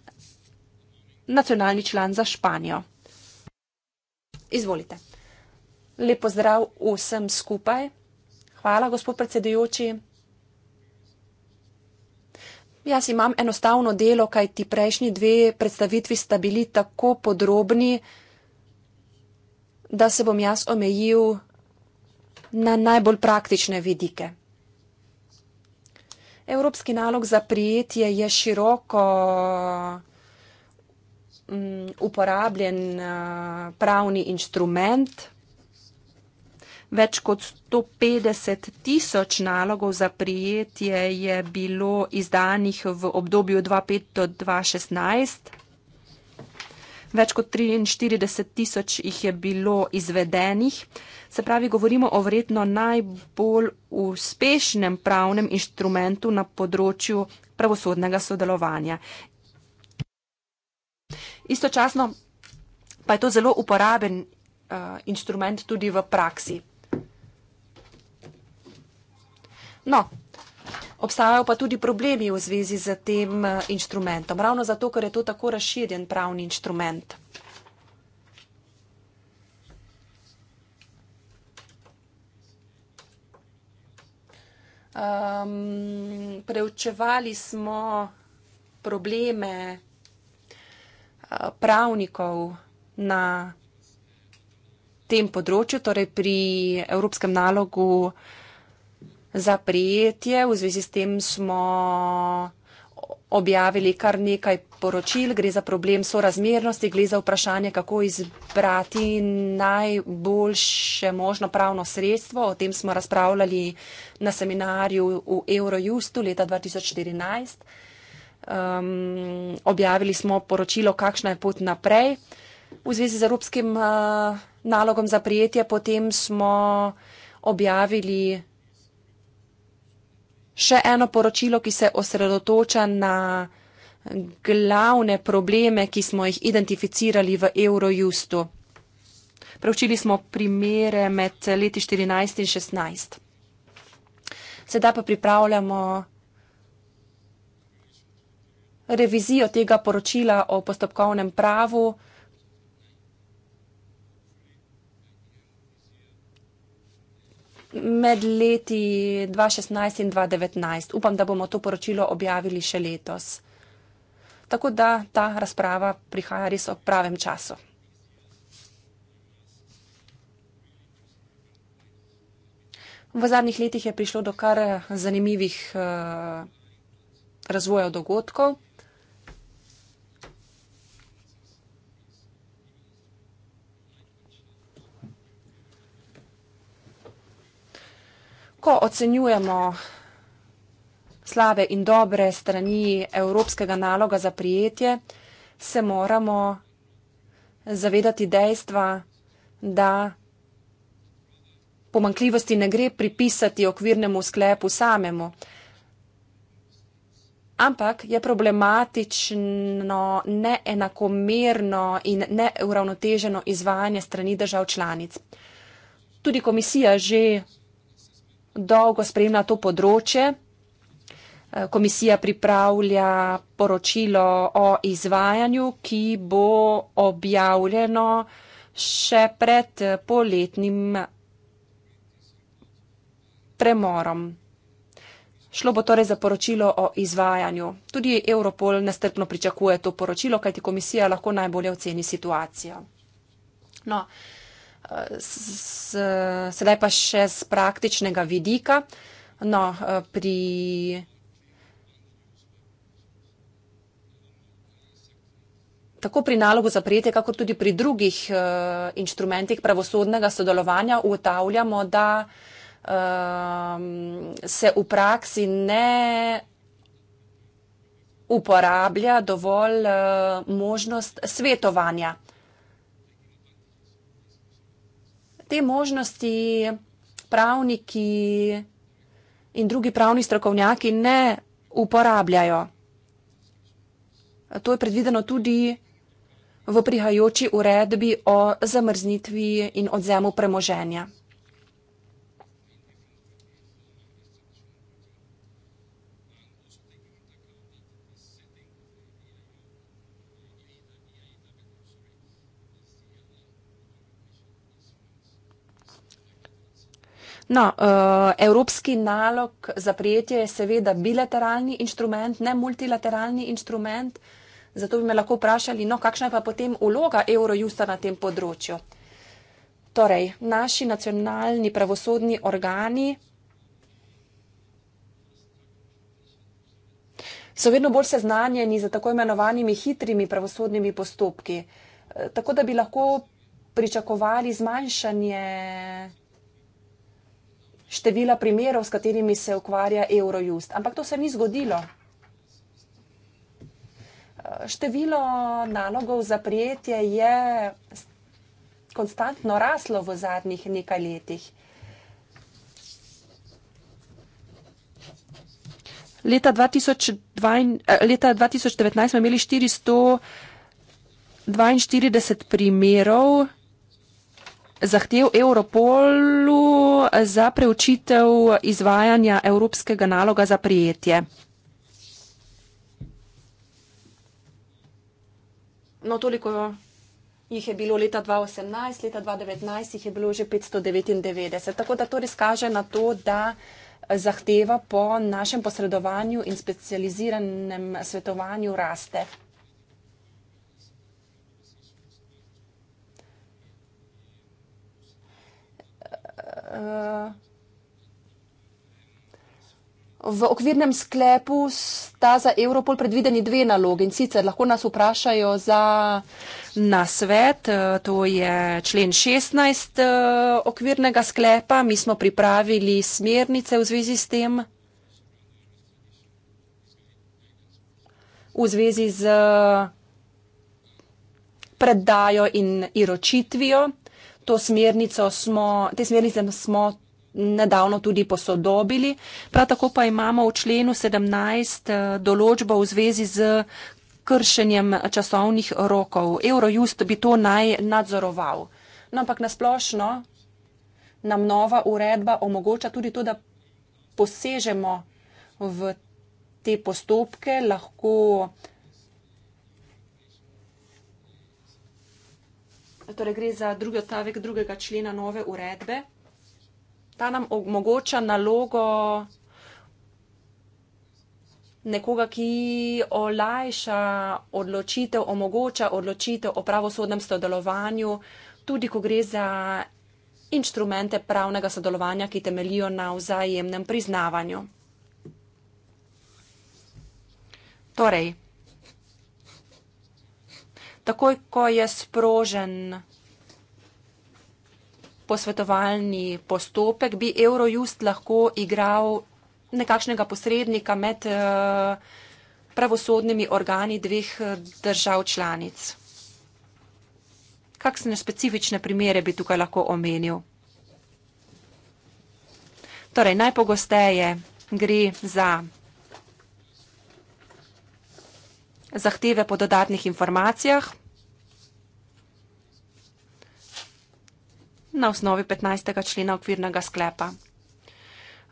nacionalni član za Španijo. Izvolite. Lep pozdrav vsem skupaj. Hvala, gospod predsedujoči. Jaz imam enostavno delo, kaj ti prejšnji dve predstavitvi sta bili tako podrobni, da se bom jaz omejil na najbolj praktične vidike. Evropski nalog za prijetje je široko mm, uporabljen eh, pravni inštrument. Več kot 150 tisoč nalogov za prijetje je bilo izdanih v obdobju 2005-2016. Več kot 43 tisoč jih je bilo izvedenih. Se pravi, govorimo o vredno najbolj uspešnem pravnem inštrumentu na področju pravosodnega sodelovanja. Istočasno pa je to zelo uporaben uh, inštrument tudi v praksi. No, obstajajo pa tudi problemi v zvezi z tem eh, inštrumentom, ravno zato, ker je to tako razširjen pravni inštrument. Um, preučevali smo probleme eh, pravnikov na tem področju, torej pri evropskem nalogu uh, zaprijetje. V zvezi s tem smo objavili kar nekaj poročil. Gre za problem sorazmernosti, gre za vprašanje, kako izbrati najboljše možno pravno sredstvo. O tem smo razpravljali na seminarju v Eurojustu leta 2014. Um, objavili smo poročilo, kakšna je pot naprej. V zvezi z evropskim uh, nalogom za prijetje potem smo objavili še eno poročilo, ki se osredotoča na glavne probleme, ki smo jih identificirali v Eurojustu. Preučili smo primere med leti 14 in 16. Sedaj pa pripravljamo revizijo tega poročila o postopkovnem pravu. med leti 2016 in 2019. Upam, da bomo to poročilo objavili še letos. Tako da ta razprava prihaja res ob pravem času. V zadnjih letih je prišlo do kar zanimivih uh, razvojev dogodkov. ko ocenjujemo slabe in dobre strani evropskega naloga za prijetje, se moramo zavedati dejstva, da pomankljivosti ne gre pripisati okvirnemu sklepu samemu. Ampak je problematično neenakomerno in neuravnoteženo izvajanje strani držav članic. Tudi komisija že dolgo spremlja to področje. Eh, komisija pripravlja poročilo o izvajanju, ki bo objavljeno še pred eh, poletnim eh, premorom. Šlo bo torej za poročilo o izvajanju. Tudi Europol nestrpno pričakuje to poročilo, kajti komisija lahko najbolje oceni situacijo. No, uh, s, sedaj pa še z praktičnega vidika. No, eh, pri, tako pri nalogu za prijetje, kako tudi pri drugih uh, inštrumentih pravosodnega sodelovanja ugotavljamo, da um, se v praksi ne uporablja dovolj uh, možnost svetovanja. te možnosti pravniki in drugi pravni strokovnjaki ne uporabljajo. To je predvideno tudi v prihajajoči uredbi o zamrznitvi in odzemu premoženja. No, uh, evropski nalog za prijetje je seveda bilateralni inštrument, ne multilateralni inštrument. Zato bi me lahko vprašali, no, kakšna je pa potem uloga Eurojusta na tem področju. Torej, naši nacionalni pravosodni organi so vedno bolj seznanjeni z tako imenovanimi hitrimi pravosodnimi postopki. Eh, tako da bi lahko pričakovali zmanjšanje števila primerov, s katerimi se ukvarja Eurojust. Ampak to se ni zgodilo. Število nalogov za prijetje je konstantno raslo v zadnjih nekaj letih. Leta, 2020, eh, leta 2019 smo imeli 442 primerov, zahtev Europolu za preučitev izvajanja evropskega naloga za prijetje. No, toliko jih je bilo leta 2018, leta 2019 jih je bilo že 599. Tako da to res kaže na to, da zahteva po našem posredovanju in specializiranem svetovanju raste. Eh, v okvirnem sklepu sta za Evropol predvideni dve nalogi in sicer lahko nas vprašajo za nasvet, eh, to je člen 16 eh, okvirnega sklepa, mi smo pripravili smernice v zvezi s tem, v zvezi z predajo in iročitvijo to smernico smo, te smernice smo nedavno tudi posodobili. Prav tako pa imamo v členu 17 eh, določbo v zvezi z kršenjem časovnih rokov. Eurojust bi to naj nadzoroval. No, ampak nasplošno nam nova uredba omogoča tudi to, da posežemo v te postopke, lahko torej gre za drugi odstavek drugega člena nove uredbe. Ta nam omogoča nalogo nekoga, ki olajša odločitev, omogoča odločitev o pravosodnem sodelovanju, tudi ko gre za inštrumente pravnega sodelovanja, ki temelijo na vzajemnem priznavanju. Torej, takoj, ko je sprožen posvetovalni postopek, bi Eurojust lahko igral nekakšnega posrednika med eh, pravosodnimi organi dveh eh, držav članic. Kakšne specifične primere bi tukaj lahko omenil? Torej, najpogosteje gre za zahteve po dodatnih informacijah na osnovi 15. člena okvirnega sklepa.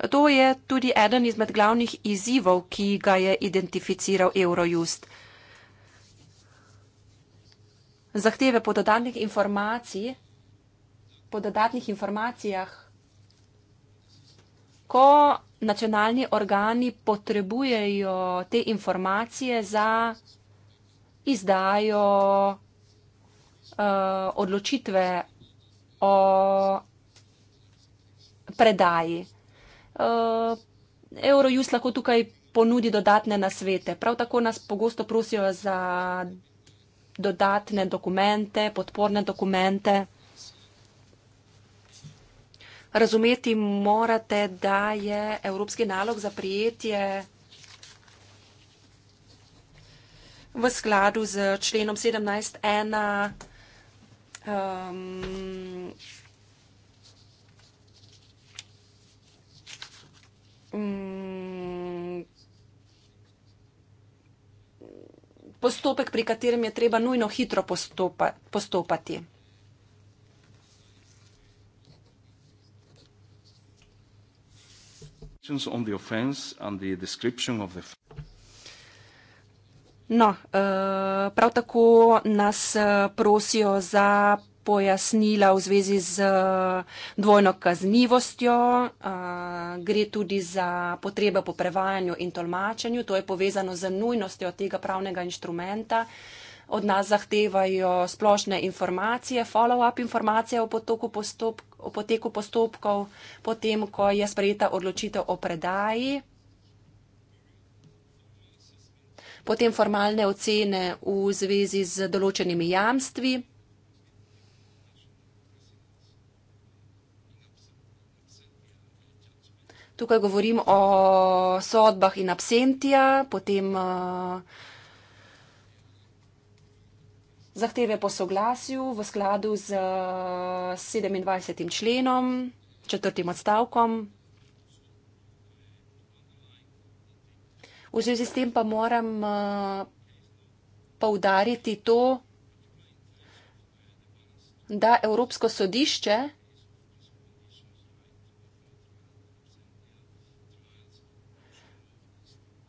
To je tudi eden izmed glavnih izzivov, ki ga je identificiral Eurojust. Zahteve po dodatnih informacijah, po dodatnih informacijah, ko nacionalni organi potrebujejo te informacije za izdajo uh, odločitve o predaji. Uh, Eurojust lahko tukaj ponudi dodatne nasvete. Prav tako nas pogosto prosijo za dodatne dokumente, podporne dokumente razumeti morate, da je evropski nalog za prijetje v skladu z členom 17.1. Um, mm, postopek, pri katerem je treba nujno hitro postopati. instructions on the offense and the description of the No, uh, prav tako nas eh, prosijo za pojasnila v zvezi z eh, dvojno kaznivostjo, gre tudi za potrebe po prevajanju in tolmačenju, to je povezano z nujnostjo tega pravnega inštrumenta. Od nas zahtevajo splošne informacije, follow-up informacije o potoku postopka o poteku postopkov, potem, ko je sprejeta odločitev o predaji, potem formalne ocene v zvezi z določenimi jamstvi. Tukaj govorim o sodbah in absentija, potem uh, zahteve po soglasju v skladu z 27. Eh, členom, četrtim odstavkom. V zvezi s tem pa moram eh, poudariti to, da Evropsko sodišče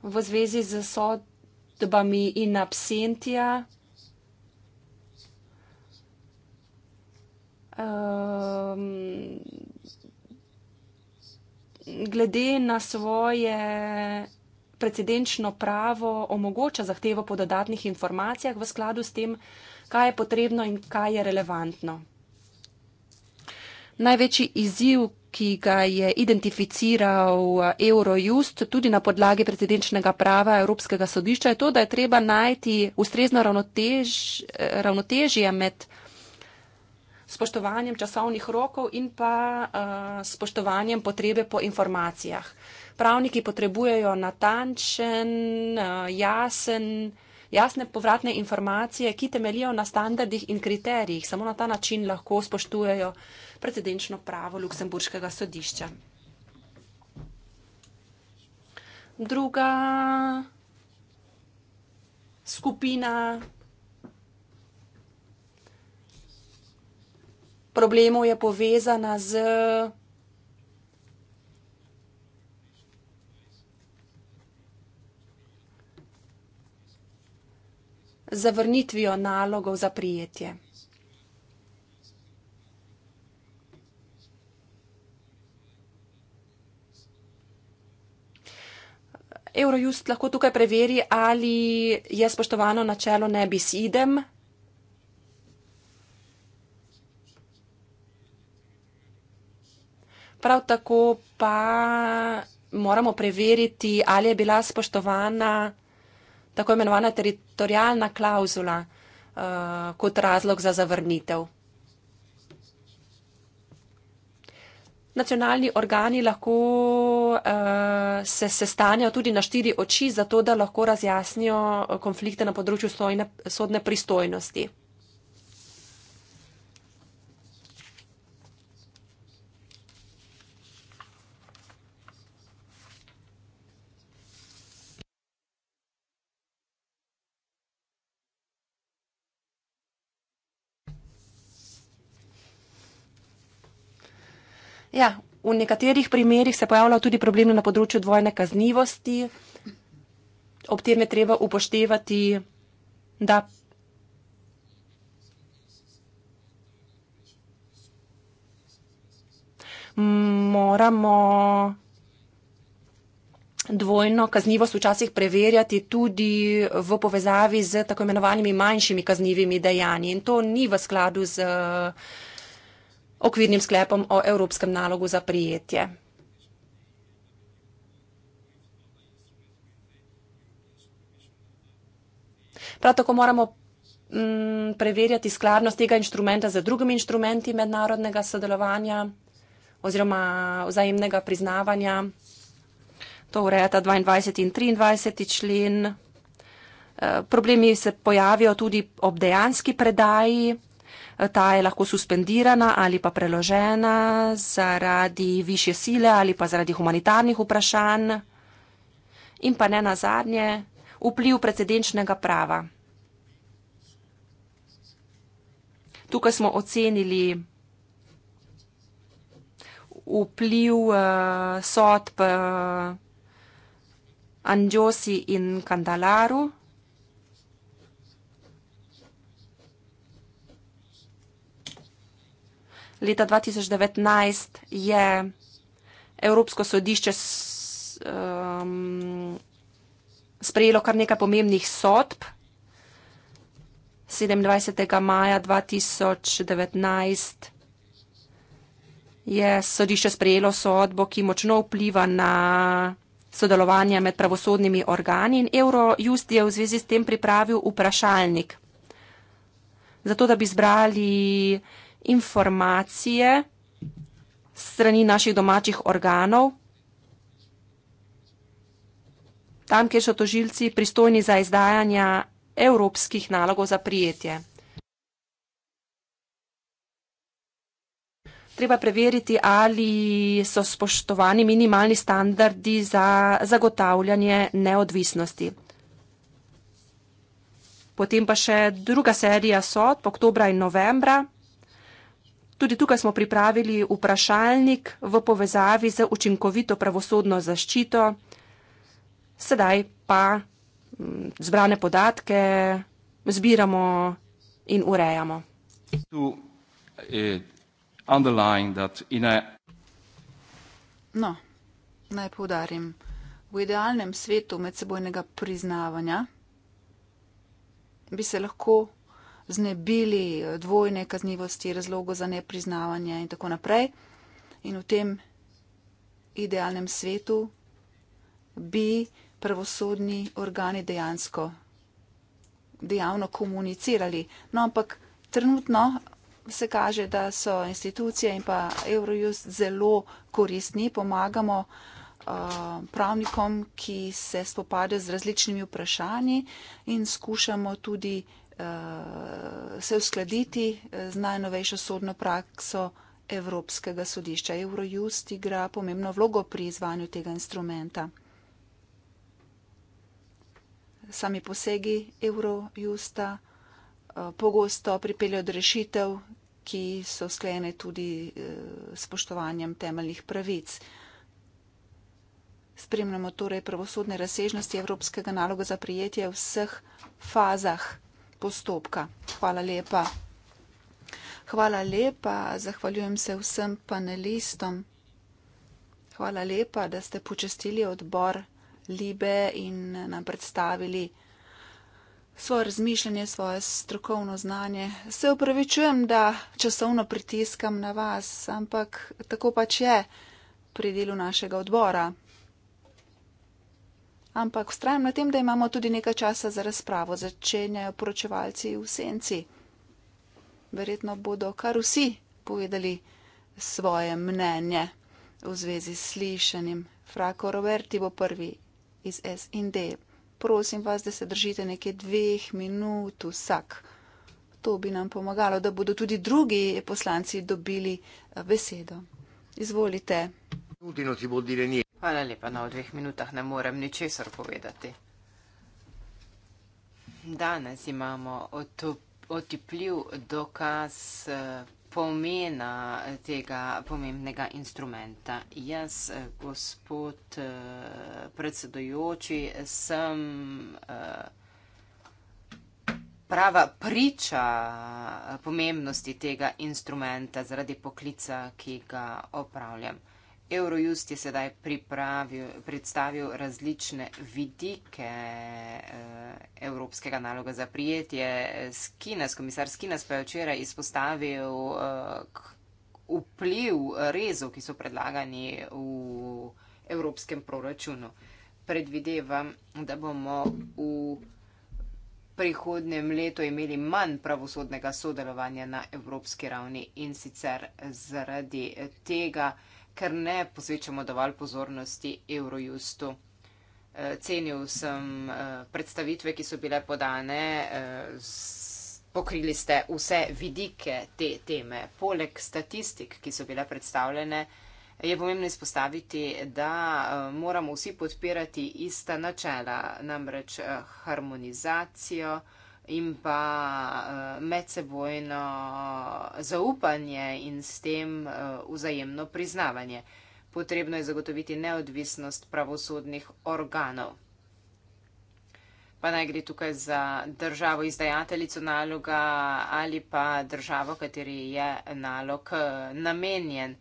v zvezi z sodbami in absentija um, glede na svoje precedenčno pravo omogoča zahtevo po dodatnih informacijah v skladu s tem, kaj je potrebno in kaj je relevantno. Največji izziv, ki ga je identificiral eh, Eurojust tudi na podlagi precedenčnega prava Evropskega sodišča, je to, da je treba najti ustrezno ravnotež, eh, ravnotežje med spoštovanjem časovnih rokov in pa uh, spoštovanjem potrebe po informacijah. Pravniki potrebujejo natančen, uh, jasen, jasne povratne informacije, ki temelijo na standardih in kriterijih. Samo na ta način lahko spoštujejo precedenčno pravo Luksemburškega sodišča. Druga skupina problemov je povezana z zavrnitvijo nalogov za prijetje. Eurojust lahko tukaj preveri, ali je spoštovano načelo ne bi sidem, Prav tako pa moramo preveriti, ali je bila spoštovana tako imenovana teritorijalna klauzula uh, eh, kot razlog za zavrnitev. Nacionalni organi lahko uh, se sestanjajo tudi na štiri oči, zato da lahko razjasnijo eh, konflikte na področju stojne, sodne pristojnosti. Ja, v nekaterih primerjih se pojavlja tudi problem na področju dvojne kaznivosti. Ob tem je treba upoštevati, da moramo dvojno kaznivost včasih preverjati tudi v povezavi z tako imenovanimi manjšimi kaznivimi dejanji. In to ni v skladu z. Uh, okvirnim sklepom o evropskem nalogu za prijetje. Prav tako moramo mm, preverjati skladnost tega inštrumenta z drugimi inštrumenti mednarodnega sodelovanja oziroma vzajemnega priznavanja. To urejata 22 in 23 člen. Eh, problemi se pojavijo tudi ob dejanski predaji ta je lahko suspendirana ali pa preložena zaradi više sile ali pa zaradi humanitarnih vprašanj. In pa ne nazadnje, vpliv precedenčnega prava. Tukaj smo ocenili vpliv eh, sodb eh, Andjosi in Kandalaru. leta 2019 je Evropsko sodišče um, sprejelo kar nekaj pomembnih sodb. 27. maja 2019 je sodišče sprejelo sodbo, ki močno vpliva na sodelovanje med pravosodnimi organi in Eurojust je v zvezi s tem pripravil vprašalnik. Zato, da bi zbrali informacije strani naših domačih organov, tam, kjer so tožilci pristojni za izdajanje evropskih nalogov za prijetje. Treba preveriti, ali so spoštovani minimalni standardi za zagotavljanje neodvisnosti. Potem pa še druga serija sod, oktobra in novembra. Tudi tukaj smo pripravili vprašalnik v povezavi z učinkovito pravosodno zaščito. Sedaj pa mm, zbrane podatke zbiramo in urejamo. Eh, no, naj povdarim, v idealnem svetu medsebojnega priznavanja bi se lahko znebili eh, dvojne kaznivosti, razlogo za nepriznavanje in tako naprej. In v tem idealnem svetu bi pravosodni organi dejansko dejavno komunicirali. No, ampak trenutno se kaže, da so institucije in pa Eurojust zelo koristni. Pomagamo uh, pravnikom, ki se spopade z različnimi vprašanji in skušamo tudi Eh, se uskladiti eh, z najnovejšo sodno prakso Evropskega sodišča. Eurojust igra pomembno vlogo pri izvanju tega instrumenta. Sami posegi Eurojusta eh, pogosto pripeljajo do rešitev, ki so sklene tudi s spoštovanjem temeljnih pravic. Spremljamo torej pravosodne razsežnosti Evropskega naloga za prijetje v vseh fazah postopka. Hvala lepa. Hvala lepa, zahvaljujem se vsem panelistom. Hvala lepa, da ste počestili odbor Libe in nam predstavili svoje razmišljanje, svoje strokovno znanje. Se upravičujem, da časovno pritiskam na vas, ampak tako pač je pri delu našega odbora ampak vztrajam na tem, da imamo tudi nekaj časa za razpravo. Začenjajo poročevalci v senci. Verjetno bodo kar vsi povedali svoje mnenje v zvezi s slišanjem. Frako Roberti bo prvi iz SND. Prosim vas, da se držite nekaj dveh minut vsak. To bi nam pomagalo, da bodo tudi drugi poslanci dobili eh, besedo. Izvolite minuti non si può dire niente. Hvala lepa, no, v dveh minutah ne morem ničesar povedati. Danes imamo otipljiv dokaz eh, pomena tega pomembnega instrumenta. Jaz, eh, gospod eh, predsedojoči, sem prava priča pomembnosti tega instrumenta zaradi poklica, ki ga opravljam. Eurojust je sedaj pripravil, predstavil različne vidike eh, evropskega naloga za prijetje. Skines, komisar Skines pa je včeraj izpostavil eh, vpliv rezov, ki so predlagani v evropskem proračunu. Predvidevam, da bomo v prihodnem letu imeli manj pravosodnega sodelovanja na evropski ravni in sicer zaradi tega, ker ne posvečamo dovolj pozornosti Eurojustu. Eh, cenil sem eh, predstavitve, ki so bile podane, eh, pokrili ste vse vidike te teme. Poleg statistik, ki so bile predstavljene, je pomembno izpostaviti, da moramo vsi podpirati ista načela, namreč harmonizacijo, in pa uh, medsebojno zaupanje in s tem uh, vzajemno priznavanje. Potrebno je zagotoviti neodvisnost pravosodnih organov. Pa naj gre tukaj za državo izdajateljico naloga ali pa državo, kateri je nalog eh, namenjen. Uh,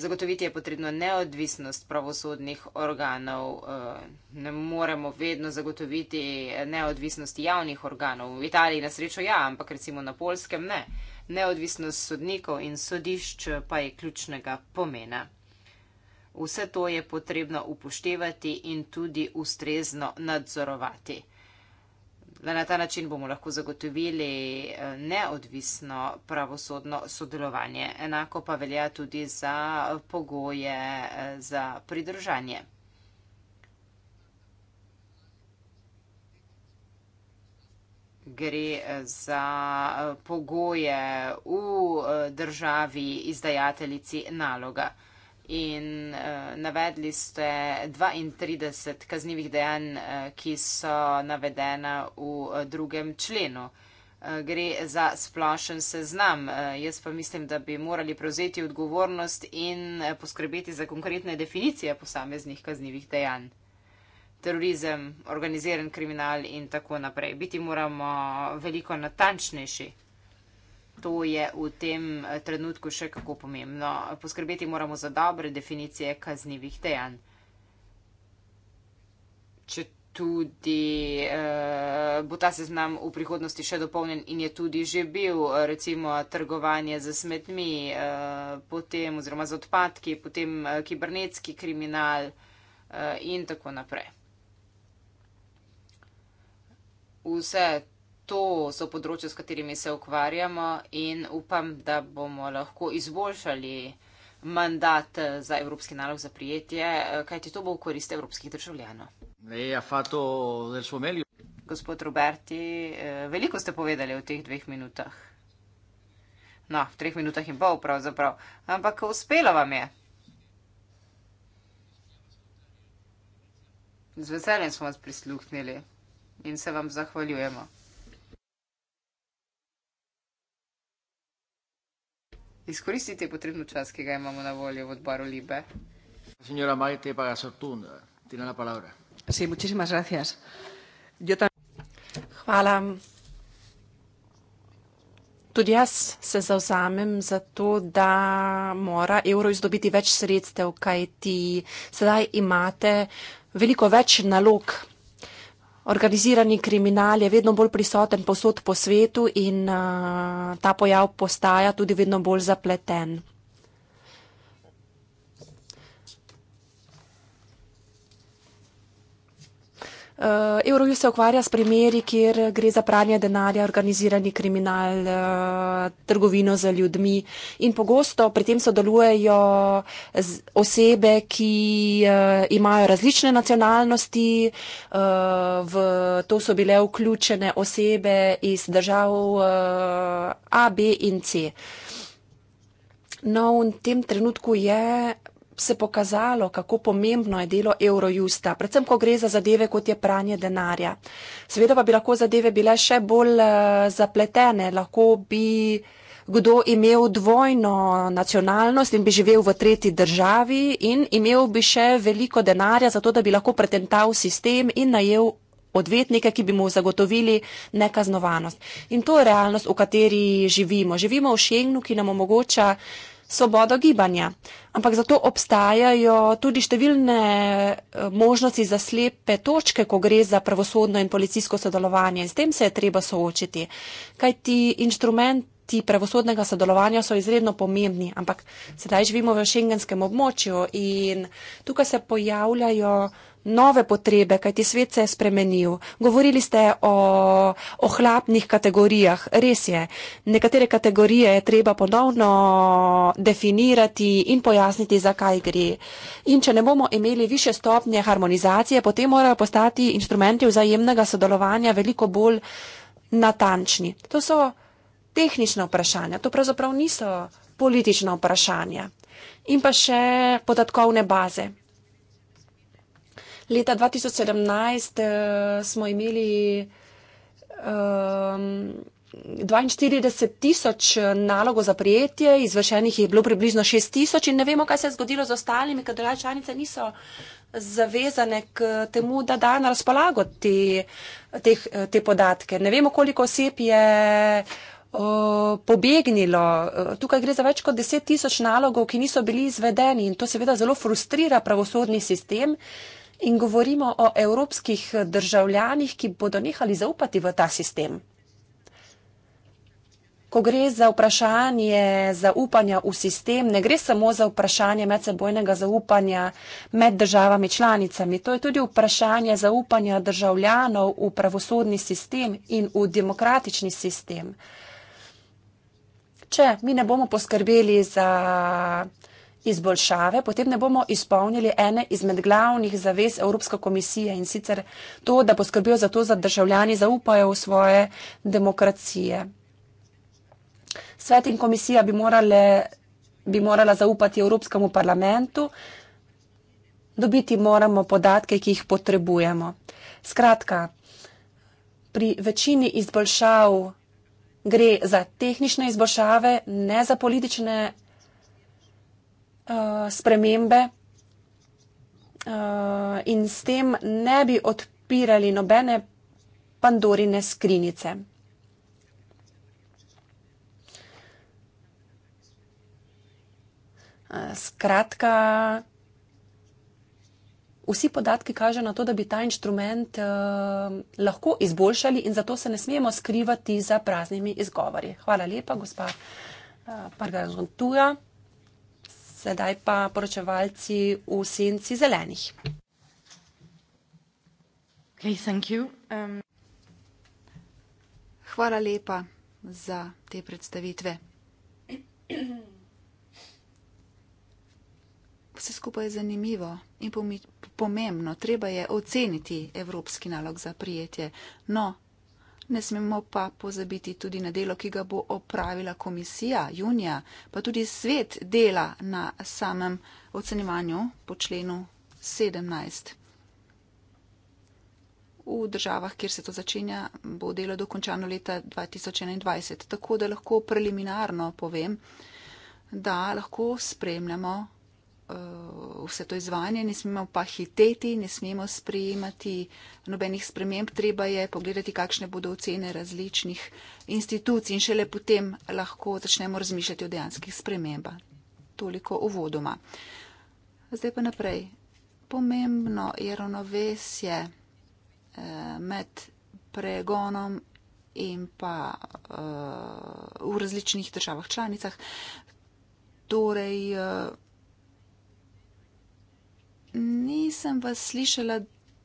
Zagotoviti je potrebno neodvisnost pravosodnih organov. Eh, ne moremo vedno zagotoviti neodvisnosti javnih organov. V Italiji na srečo ja, ampak recimo na polskem ne. Neodvisnost sodnikov in sodišč pa je ključnega pomena. Vse to je potrebno upoštevati in tudi ustrezno nadzorovati da na ta način bomo lahko zagotovili eh, neodvisno pravosodno sodelovanje. Enako pa velja tudi za pogoje eh, za pridržanje. Gre eh, za pogoje v državi izdajateljici naloga in uh, navedli ste 32 kaznjivih dejanj, uh, ki so navedena v uh, drugem členu. Uh, gre za splošen seznam. Uh, jaz pa mislim, da bi morali prevzeti odgovornost in uh, poskrbeti za konkretne definicije posameznih kaznjivih dejanj. Terorizem, organiziran kriminal in tako naprej. Biti moramo veliko natančnejši. To je v tem eh, trenutku še kako pomembno. Poskrbeti moramo za dobre definicije kaznjivih dejanj. Če tudi eh, bo ta seznam v prihodnosti še dopolnjen in je tudi že bil, recimo trgovanje z smetmi, eh, potem oziroma z odpadki, potem eh, kibernetski kriminal eh, in tako naprej. Vse to so področje, s katerimi se ukvarjamo in upam, da bomo lahko izboljšali mandat eh, za evropski nalog za prijetje, eh, kajti to bo v korist evropskih državljanov. Gospod Roberti, eh, veliko ste povedali v teh dveh minutah. No, v treh minutah in pol pravzaprav. Ampak uspelo vam je. Z veseljem smo vas prisluhnili in se vam zahvaljujemo. izkoristiti potrebno čas, ki ga imamo na voljo v odboru Libe. Signora Maite Pagasortun, tiene la palabra. Sí, muchísimas gracias. Yo Hvala. Tudi jaz se zauzamem za to, da mora evro izdobiti več sredstev, kajti sedaj imate veliko več nalog Organizirani kriminal je vedno bolj prisoten posod po svetu in uh, ta pojav postaja tudi vedno bolj zapleten. Uh, eh, Euroju se ukvarja s primeri, kjer gre za pranje denarja, organizirani kriminal, uh, trgovino za ljudmi in pogosto pri tem sodelujejo osebe, ki uh, imajo različne nacionalnosti. Uh, v to so bile vključene osebe iz držav uh, A, B in C. No, v tem trenutku je se pokazalo, kako pomembno je delo Eurojusta, predvsem, ko gre za zadeve, kot je pranje denarja. Seveda pa bi lahko zadeve bile še bolj eh, zapletene, lahko bi kdo imel dvojno nacionalnost in bi živel v tretji državi in imel bi še veliko denarja za to, da bi lahko pretental sistem in najel odvetnike, ki bi mu zagotovili nekaznovanost. In to je realnost, v kateri živimo. Živimo v Schengnu, ki nam omogoča svobodo gibanja. Ampak zato obstajajo tudi številne eh, možnosti za slepe točke, ko gre za pravosodno in policijsko sodelovanje. In s tem se je treba soočiti, kaj ti inštrument aspekti pravosodnega sodelovanja so izredno pomembni, ampak sedaj živimo v šengenskem območju in tukaj se pojavljajo nove potrebe, kajti svet se je spremenil. Govorili ste o ohlapnih kategorijah. Res je, nekatere kategorije je treba ponovno definirati in pojasniti, zakaj gre. In če ne bomo imeli više stopnje harmonizacije, potem morajo postati inštrumenti vzajemnega sodelovanja veliko bolj natančni. To so tehnična vprašanja, to pravzaprav niso politična vprašanja. In pa še podatkovne baze. Leta 2017 uh, eh, smo imeli um, ehm, 42 tisoč eh, nalogo za prijetje, izvršenih je bilo približno 6 tisoč in ne vemo, kaj se je zgodilo z ostalimi, ker druge članice niso zavezane k temu, da dajo na razpolago te, te, eh, te podatke. Ne vemo, koliko oseb je pobegnilo. Tukaj gre za več kot deset tisoč nalogov, ki niso bili izvedeni in to seveda zelo frustrira pravosodni sistem. In govorimo o evropskih državljanih, ki bodo nehali zaupati v ta sistem. Ko gre za vprašanje zaupanja v sistem, ne gre samo za vprašanje medsebojnega zaupanja med državami članicami, to je tudi vprašanje zaupanja državljanov v pravosodni sistem in v demokratični sistem. Uh, če mi ne bomo poskrbeli za izboljšave, potem ne bomo izpolnili ene izmed glavnih zavez Evropske komisije in sicer to, da poskrbijo za to, da državljani zaupajo v svoje demokracije. Svet in komisija bi, morale, bi morala zaupati Evropskemu parlamentu, dobiti moramo podatke, ki jih potrebujemo. Skratka, pri večini izboljšav gre za tehnične izboljšave, ne za politične uh, spremembe uh, in s tem ne bi odpirali nobene pandorine skrinice. Uh, skratka, vsi podatki kažejo na to, da bi ta inštrument uh, lahko izboljšali in zato se ne smemo skrivati za praznimi izgovori. Hvala lepa, gospa uh, eh, Pargažontuja. Sedaj pa poročevalci v senci zelenih. Okay, thank you. Um... Hvala lepa za te predstavitve vse skupaj zanimivo in pomembno. Treba je oceniti evropski nalog za prijetje. No, ne smemo pa pozabiti tudi na delo, ki ga bo opravila komisija junija, pa tudi svet dela na samem ocenjevanju po členu 17. V državah, kjer se to začenja, bo delo dokončano leta 2021. Tako da lahko preliminarno povem, da lahko spremljamo Eh, vse to izvajanje, ne smemo pa hiteti, ne smemo sprejemati nobenih sprememb, treba je pogledati, kakšne bodo ocene različnih institucij in šele potem lahko začnemo razmišljati o dejanskih spremembah. Toliko uvodoma. Zdaj pa naprej. Pomembno je ravnovesje eh, med pregonom in pa eh, v različnih državah članicah. Torej, nisem vas slišala,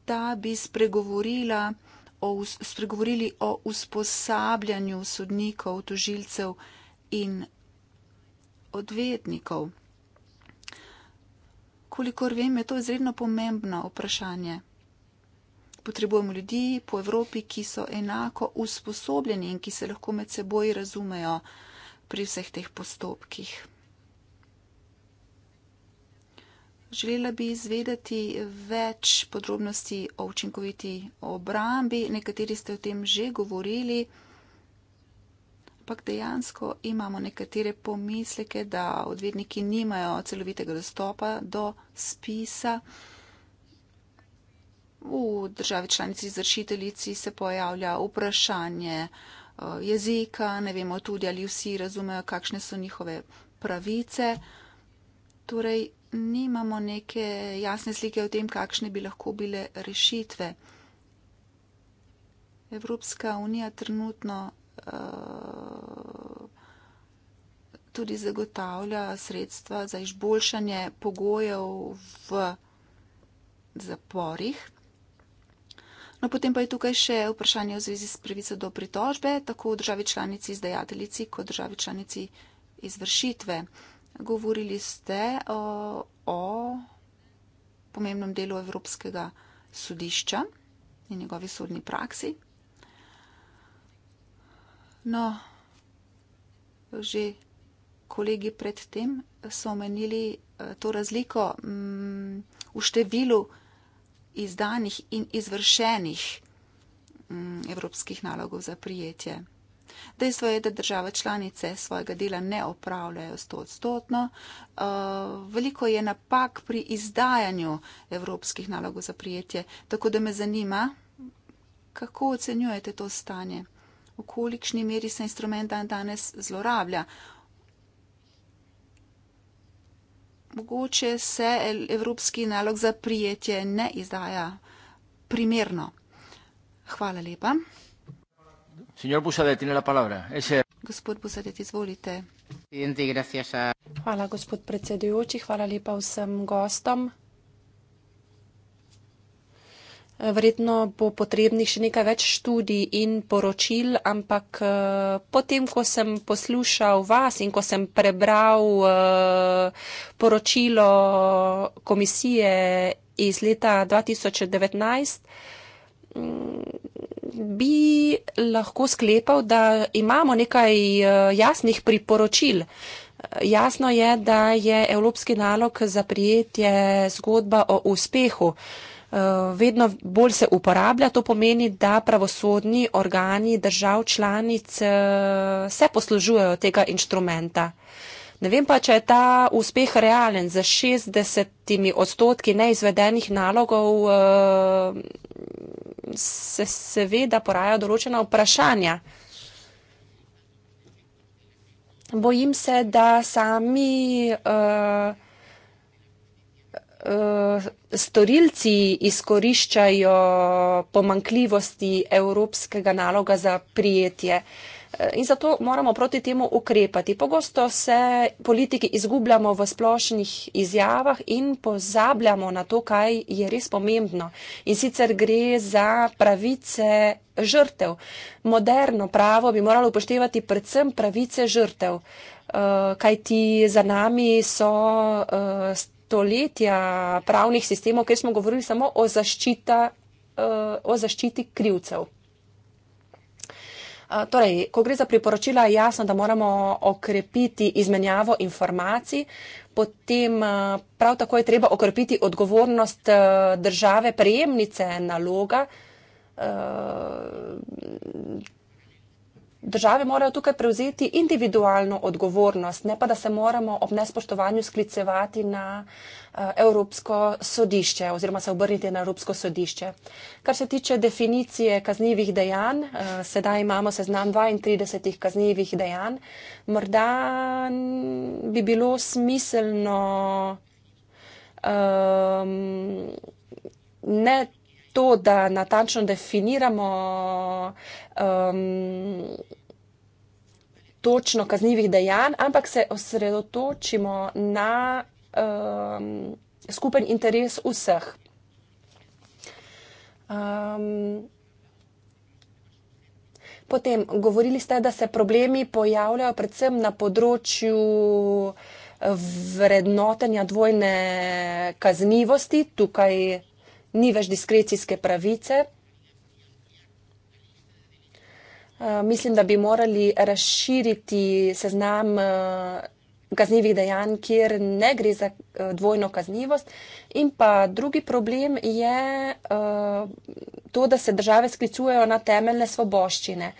da bi spregovorila o, spregovorili o usposabljanju sodnikov, tožilcev in odvetnikov. Kolikor vem, je to izredno pomembno vprašanje. Potrebujemo ljudi po Evropi, ki so enako usposobljeni in ki se lahko med seboj razumejo pri vseh teh postopkih. Želela bi izvedeti več podrobnosti o učinkoviti obrambi. Nekateri ste o tem že govorili, ampak dejansko imamo nekatere pomisleke, da odvedniki nimajo celovitega dostopa do spisa. V državi članici izvršiteljici se pojavlja vprašanje eh, jezika, ne vemo tudi, ali vsi razumejo, kakšne so njihove pravice. Torej, nimamo neke jasne slike o tem, kakšne bi lahko bile rešitve. Evropska unija trenutno eh, tudi zagotavlja sredstva za izboljšanje pogojev v zaporih. No, potem pa je tukaj še vprašanje v zvezi s pravico do pritožbe, tako v državi članici izdajateljici, kot v državi članici izvršitve govorili ste o, o pomembnem delu Evropskega sodišča in njegovi sodni praksi. No, že kolegi predtem so omenili eh, to razliko mm, v številu izdanih in izvršenih mm, evropskih nalogov za prijetje. Dejstvo je, da države članice svojega dela ne opravljajo stotstotno. Eh, veliko je napak pri izdajanju evropskih nalogov za prijetje, tako da me zanima, kako ocenjujete to stanje, v kolikšni meri se instrument dan danes zlorablja. Mogoče se evropski nalog za prijetje ne izdaja primerno. Hvala lepa. Señor Busadet, tiene la palabra. Ese... Gospod Busadet, izvolite. Hvala, gospod predsedujoči. Hvala lepa vsem gostom. Verjetno bo potrebnih še nekaj več študij in poročil, ampak eh, potem, ko sem poslušal vas in ko sem prebral eh, poročilo komisije iz leta 2019, bi lahko sklepal, da imamo nekaj eh, jasnih priporočil. Jasno je, da je evropski nalog za prijetje zgodba o uspehu. Eh, vedno bolj se uporablja, to pomeni, da pravosodni organi držav članic eh, se poslužujejo tega inštrumenta. Ne vem pa, če je ta uspeh realen za 60 odstotki neizvedenih nalogov. Eh, se seveda porajajo določena vprašanja. Bojim se, da sami. Uh, Eh, storilci izkoriščajo pomankljivosti evropskega naloga za prijetje. Eh, in zato moramo proti temu ukrepati. Pogosto se politiki izgubljamo v splošnih izjavah in pozabljamo na to, kaj je res pomembno. In sicer gre za pravice žrtev. Moderno pravo bi moralo upoštevati predvsem pravice žrtev, eh, kaj ti za nami so. Uh, stoletja pravnih sistemov, kjer smo govorili samo o, zaščita, eh, o zaščiti krivcev. Eh, torej, ko gre za priporočila, je jasno, da moramo okrepiti izmenjavo informacij, potem eh, prav tako je treba okrepiti odgovornost države prejemnice naloga države morajo tukaj prevzeti individualno odgovornost, ne pa da se moramo ob nespoštovanju sklicevati na eh, Evropsko sodišče oziroma se obrniti na Evropsko sodišče. Kar se tiče definicije kaznjivih dejanj, eh, sedaj imamo seznam 32 kaznjivih dejanj, morda bi bilo smiselno um, ne to, da natančno definiramo um, točno kaznjivih dejanj, ampak se osredotočimo na um, skupen interes vseh. Um, potem, govorili ste, da se problemi pojavljajo predvsem na področju vrednotenja dvojne kaznivosti. Tukaj ni več diskrecijske pravice. Eh, mislim, da bi morali razširiti seznam eh, kaznjivih dejanj, kjer ne gre za eh, dvojno kaznivost. In pa drugi problem je to, da se države sklicujejo na temeljne svoboščine.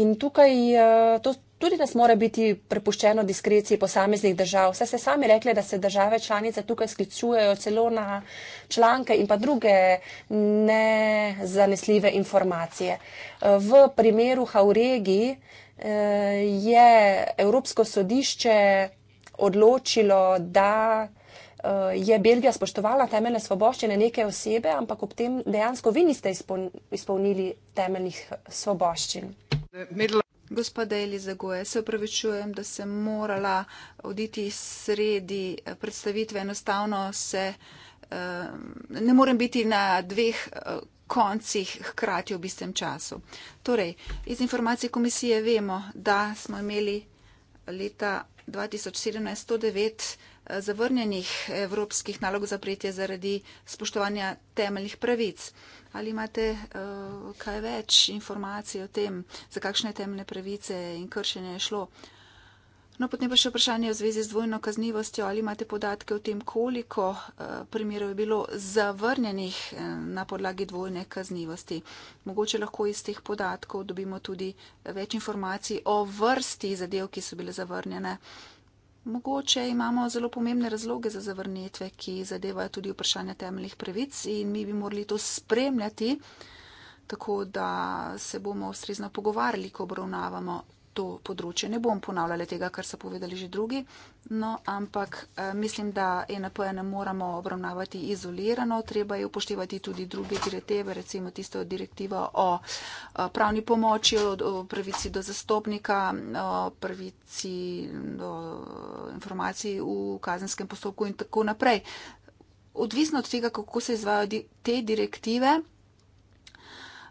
In tukaj to tudi nas mora biti prepuščeno diskreciji posameznih držav. Vse ste sami rekli, da se države članice tukaj sklicujejo celo na članke in pa druge nezanesljive informacije. V primeru Hauregi eh, je Evropsko sodišče odločilo, da eh, je Belgija spoštovala temeljne svoboščine neke osebe, ampak ob tem dejansko vi niste izpolnili temeljnih svoboščin. Middle... Gospoda Eliza Goje, se upravičujem, da sem morala oditi sredi eh, predstavitve. Enostavno se eh, ne morem biti na dveh eh, koncih hkrati v istem času. Torej, iz informacij komisije vemo, da smo imeli leta 2017 109 zavrnjenih evropskih nalog za prijetje zaradi spoštovanja temeljnih pravic ali imate uh, kaj več informacij o tem, za kakšne temne pravice in kršenje je šlo. No, potem pa še vprašanje v zvezi z dvojno kaznivostjo, ali imate podatke o tem, koliko uh, primerov je bilo zavrnjenih eh, na podlagi dvojne kaznivosti. Mogoče lahko iz teh podatkov dobimo tudi več informacij o vrsti zadev, ki so bile zavrnjene. Uh, Mogoče imamo zelo pomembne razloge za zavrnitve, ki zadevajo tudi vprašanje temeljnih pravic in mi bi morali to spremljati, tako da se bomo ustrezno pogovarjali, ko obravnavamo to področje. Ne bom ponavljala tega, kar so povedali že drugi, no, ampak eh, mislim, da e NPO ne moramo obravnavati izolirano, treba je upoštevati tudi druge direktive, recimo tisto direktivo o eh, pravni pomoči, o pravici do zastopnika, o pravici do informacij v kazenskem postopku in tako naprej. Odvisno od tega, kako se izvajo te direktive,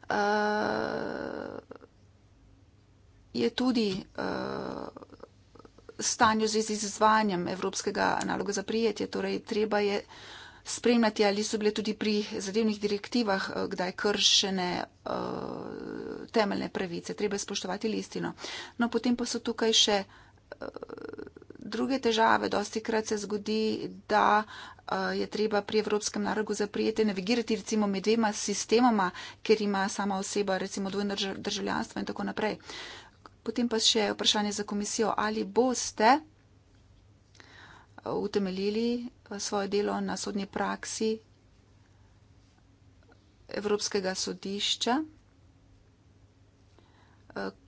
eh, je tudi uh, stanje v zvezi z izvanjem Evropskega naloga za prijetje. Torej, treba je spremljati, ali so bile tudi pri zadevnih direktivah uh, kdaj kršene uh, temeljne pravice. Treba je spoštovati listino. No, potem pa so tukaj še. Uh, Druge težave, dosti krat se zgodi, da uh, je treba pri Evropskem narogu zaprijeti, navigirati recimo med dvema sistemama, ker ima sama oseba recimo dvojno državljanstvo in tako naprej. Uh, Potem pa še vprašanje za komisijo, ali boste utemeljili eh, svoje delo na sodni praksi Evropskega sodišča, eh,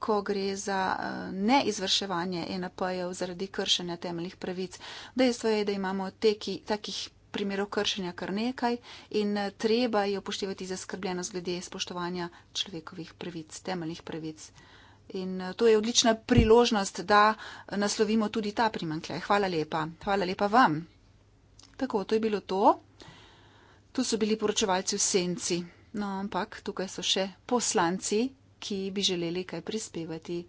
ko gre za eh, neizvrševanje e NPJ-ev zaradi kršenja temeljnih pravic. Dejstvo je, da imamo teki, takih primerov kršenja kar nekaj in treba je upoštevati zaskrbljenost glede spoštovanja človekovih pravic, temeljnih pravic. In eh, to je odlična priložnost, da naslovimo tudi ta primankljaj. Hvala lepa. Hvala lepa vam. Tako, to je bilo to. Tu so bili poročevalci v senci. No, ampak tukaj so še poslanci, ki bi želeli kaj prispevati.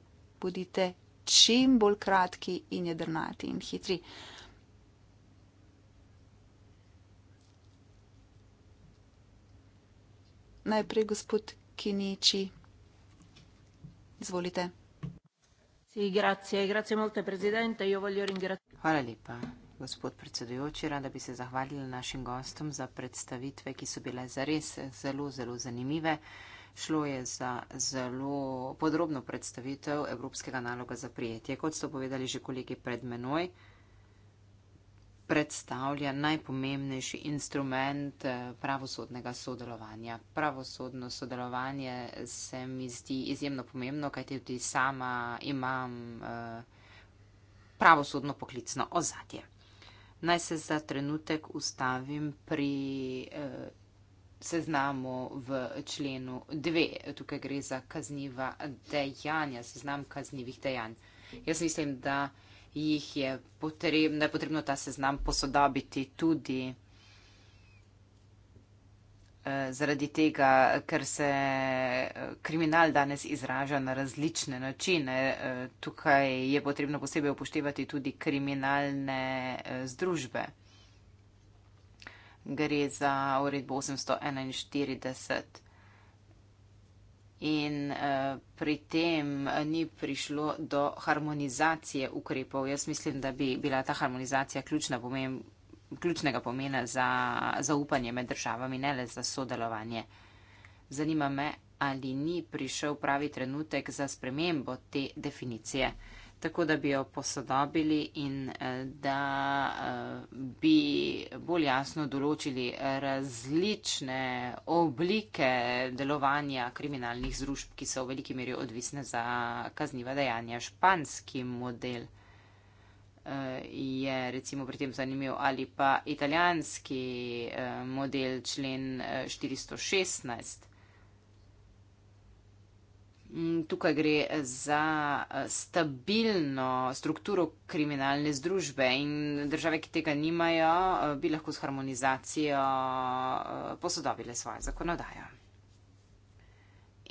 Bodite čim bolj kratki in jedrnati in hitri. Najprej gospod Kiniči. Izvolite. Hvala lepa, gospod predsedujoči. Rada bi se zahvalila našim gostom za predstavitve, ki so bile zares zelo, zelo zanimive. Šlo je za zelo podrobno predstavitev Evropskega naloga za prijetje. Kot so povedali že kolegi pred menoj, predstavlja najpomembnejši instrument eh, pravosodnega sodelovanja. Pravosodno sodelovanje se mi zdi izjemno pomembno, kajti tudi sama imam eh, pravosodno poklicno ozadje. Naj se za trenutek ustavim pri eh, seznamu v členu 2. Tukaj gre za kazniva dejanja, seznam kaznivih dejanj. Jaz mislim, da jih je potrebno, je potrebno ta seznam posodobiti tudi eh, zaradi tega, ker se eh, kriminal danes izraža na različne načine. Eh, tukaj je potrebno posebej upoštevati tudi kriminalne združbe. Gre za uredbo 841 in eh, pri tem eh, ni prišlo do harmonizacije ukrepov. Jaz mislim, da bi bila ta harmonizacija ključna pomen, ključnega pomena za zaupanje med državami, ne le za sodelovanje. Zanima me, ali ni prišel pravi trenutek za spremembo te definicije tako da bi jo posodobili in eh, da eh, bi bolj jasno določili različne oblike delovanja kriminalnih zrušb, ki so v veliki meri odvisne za kazniva dejanja. Španski model eh, je recimo pri tem zanimiv ali pa italijanski model člen 416. Mm, tukaj gre za eh, stabilno strukturo kriminalne združbe in države, ki tega nimajo, eh, bi lahko s harmonizacijo eh, posodobile svojo zakonodajo.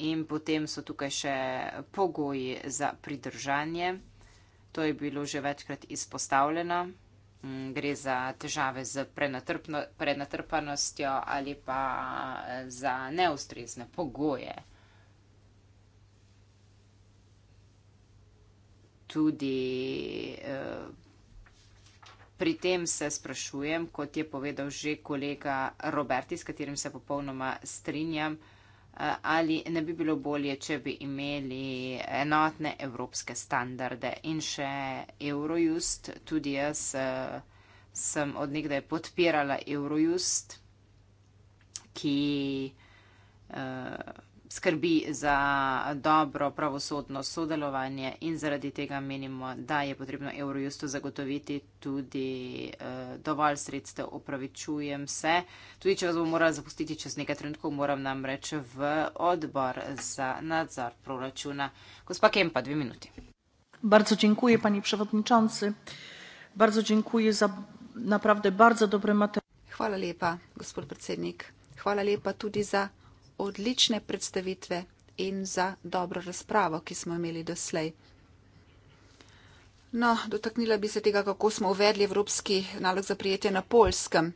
In potem so tukaj še pogoji za pridržanje. To je bilo že večkrat izpostavljeno. Mm, gre za težave z prenatrpanostjo ali pa za neustrezne pogoje. tudi eh, pri tem se sprašujem, kot je povedal že kolega Roberti, s katerim se popolnoma strinjam, eh, ali ne bi bilo bolje, če bi imeli enotne evropske standarde in še Eurojust. Tudi jaz eh, sem odnegdaj podpirala Eurojust, ki skrbi za dobro pravosodno sodelovanje in zaradi tega menimo, da je potrebno Eurojustu zagotoviti tudi uh, dovolj sredstev. Opravičujem se. Tudi če vas bom morala zapustiti čez nekaj trenutkov, moram namreč v odbor za nadzor proračuna. Gospa Kempa, dve minuti. Bardzo dziękuję, pani przewodniczący. Bardzo dziękuję za naprawdę bardzo dobre materiały. Hvala lepa, gospod predsednik. Hvala lepa tudi za odlične predstavitve in za dobro razpravo, ki smo imeli doslej. No, dotaknila bi se tega, kako smo uvedli evropski nalog za prijetje na polskem.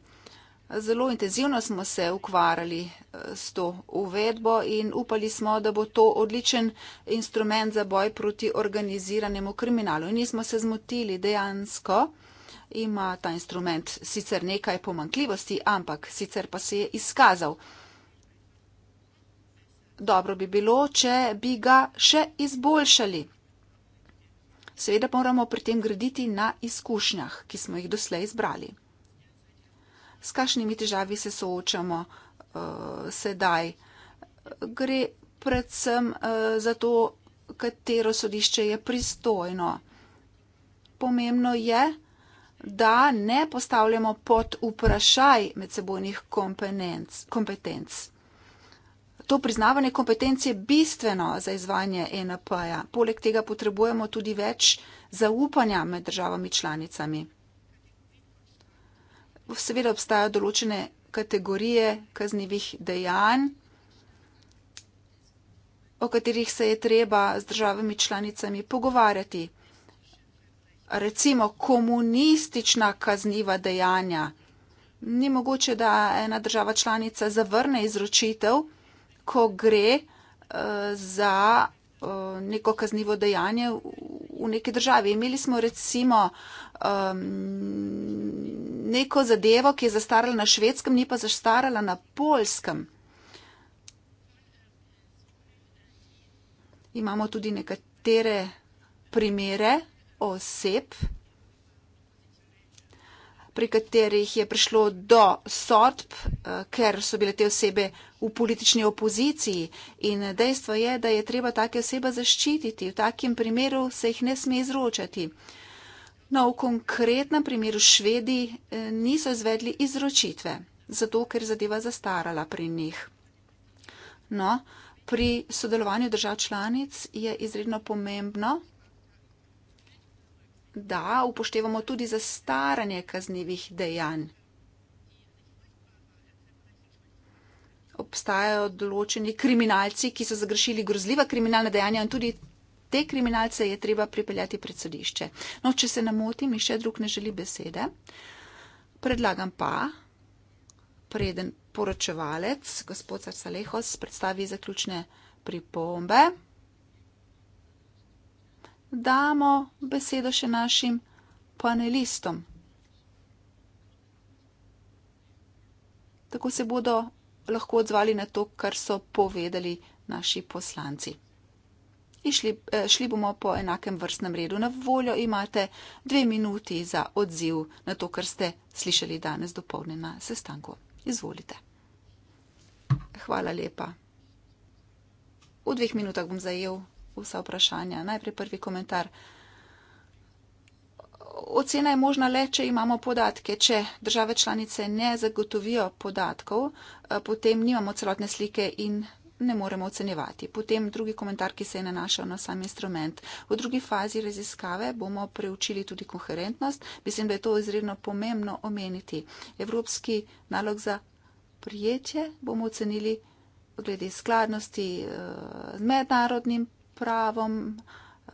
Zelo intenzivno smo se ukvarjali eh, s to uvedbo in upali smo, da bo to odličen instrument za boj proti organiziranemu kriminalu. In nismo se zmotili, dejansko ima ta instrument sicer nekaj pomankljivosti, ampak sicer pa se je izkazal dobro bi bilo, če bi ga še izboljšali. Seveda moramo pri tem graditi na izkušnjah, ki smo jih doslej izbrali. S kakšnimi težavi se soočamo uh, sedaj? Gre predvsem uh, za to, katero sodišče je pristojno. Pomembno je, da ne postavljamo pod vprašaj medsebojnih kompetenc. kompetenc to priznavanje kompetenc je bistveno za izvajanje ENP-ja. Poleg tega potrebujemo tudi več zaupanja med državami članicami. Seveda obstajajo določene kategorije kaznjivih dejanj, o katerih se je treba z državami članicami pogovarjati. Recimo komunistična kazniva dejanja. Ni mogoče, da ena država članica zavrne izročitev ko gre eh, za eh, neko kaznivo dejanje v neki državi. Imeli smo recimo ehm, neko zadevo, ki je zastarala na švedskem, ni pa zastarala na polskem. Imamo tudi nekatere primere oseb, ki so pri katerih je prišlo do sodb, eh, ker so bile te osebe v politični opoziciji. In dejstvo je, da je treba take osebe zaščititi. V takem primeru se jih ne sme izročati. No, v konkretnem primeru Švedi eh, niso izvedli izročitve, zato ker zadeva zastarala pri njih. No, pri sodelovanju držav članic je izredno pomembno, da upoštevamo tudi zastaranje kaznevih dejanj. Obstajajo določeni kriminalci, ki so zagrešili grozljiva kriminalna dejanja in tudi te kriminalce je treba pripeljati pred sodišče. No, če se namotim in še drug ne želi besede, predlagam pa, preden poročevalec, gospod Sarsalehos, predstavi zaključne pripombe damo besedo še našim panelistom. Tako se bodo lahko odzvali na to, kar so povedali naši poslanci. In šli, eh, šli bomo po enakem vrstnem redu. Na voljo imate dve minuti za odziv na to, kar ste slišali danes dopolne na sestanku. Izvolite. Hvala lepa. V dveh minutah bom zajel vsa vprašanja. Najprej prvi komentar. Ocena je možna le, če imamo podatke. Če države članice ne zagotovijo podatkov, eh, potem nimamo celotne slike in ne moremo ocenjevati. Potem drugi komentar, ki se je nanašal na sam instrument. V drugi fazi raziskave bomo preučili tudi koherentnost. Mislim, da je to izredno pomembno omeniti. Evropski nalog za prijetje bomo ocenili glede skladnosti eh, z mednarodnim pravom, eh,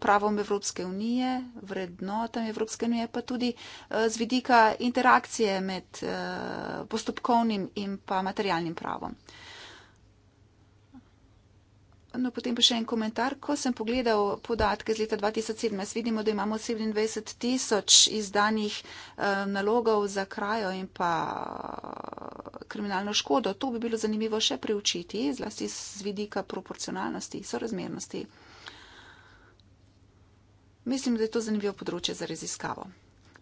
pravom Evropske unije, vrednotam Evropske unije, pa tudi eh, z vidika interakcije med eh, postopkovnim in pa materialnim pravom. No, potem pa še en komentar. Ko sem pogledal podatke z leta 2017, vidimo, da imamo 27 tisoč izdanih eh, nalogov za krajo in pa eh, kriminalno škodo. To bi bilo zanimivo še preučiti, zlasti z vidika proporcionalnosti, sorazmernosti. Mislim, da je to zanimivo področje za raziskavo.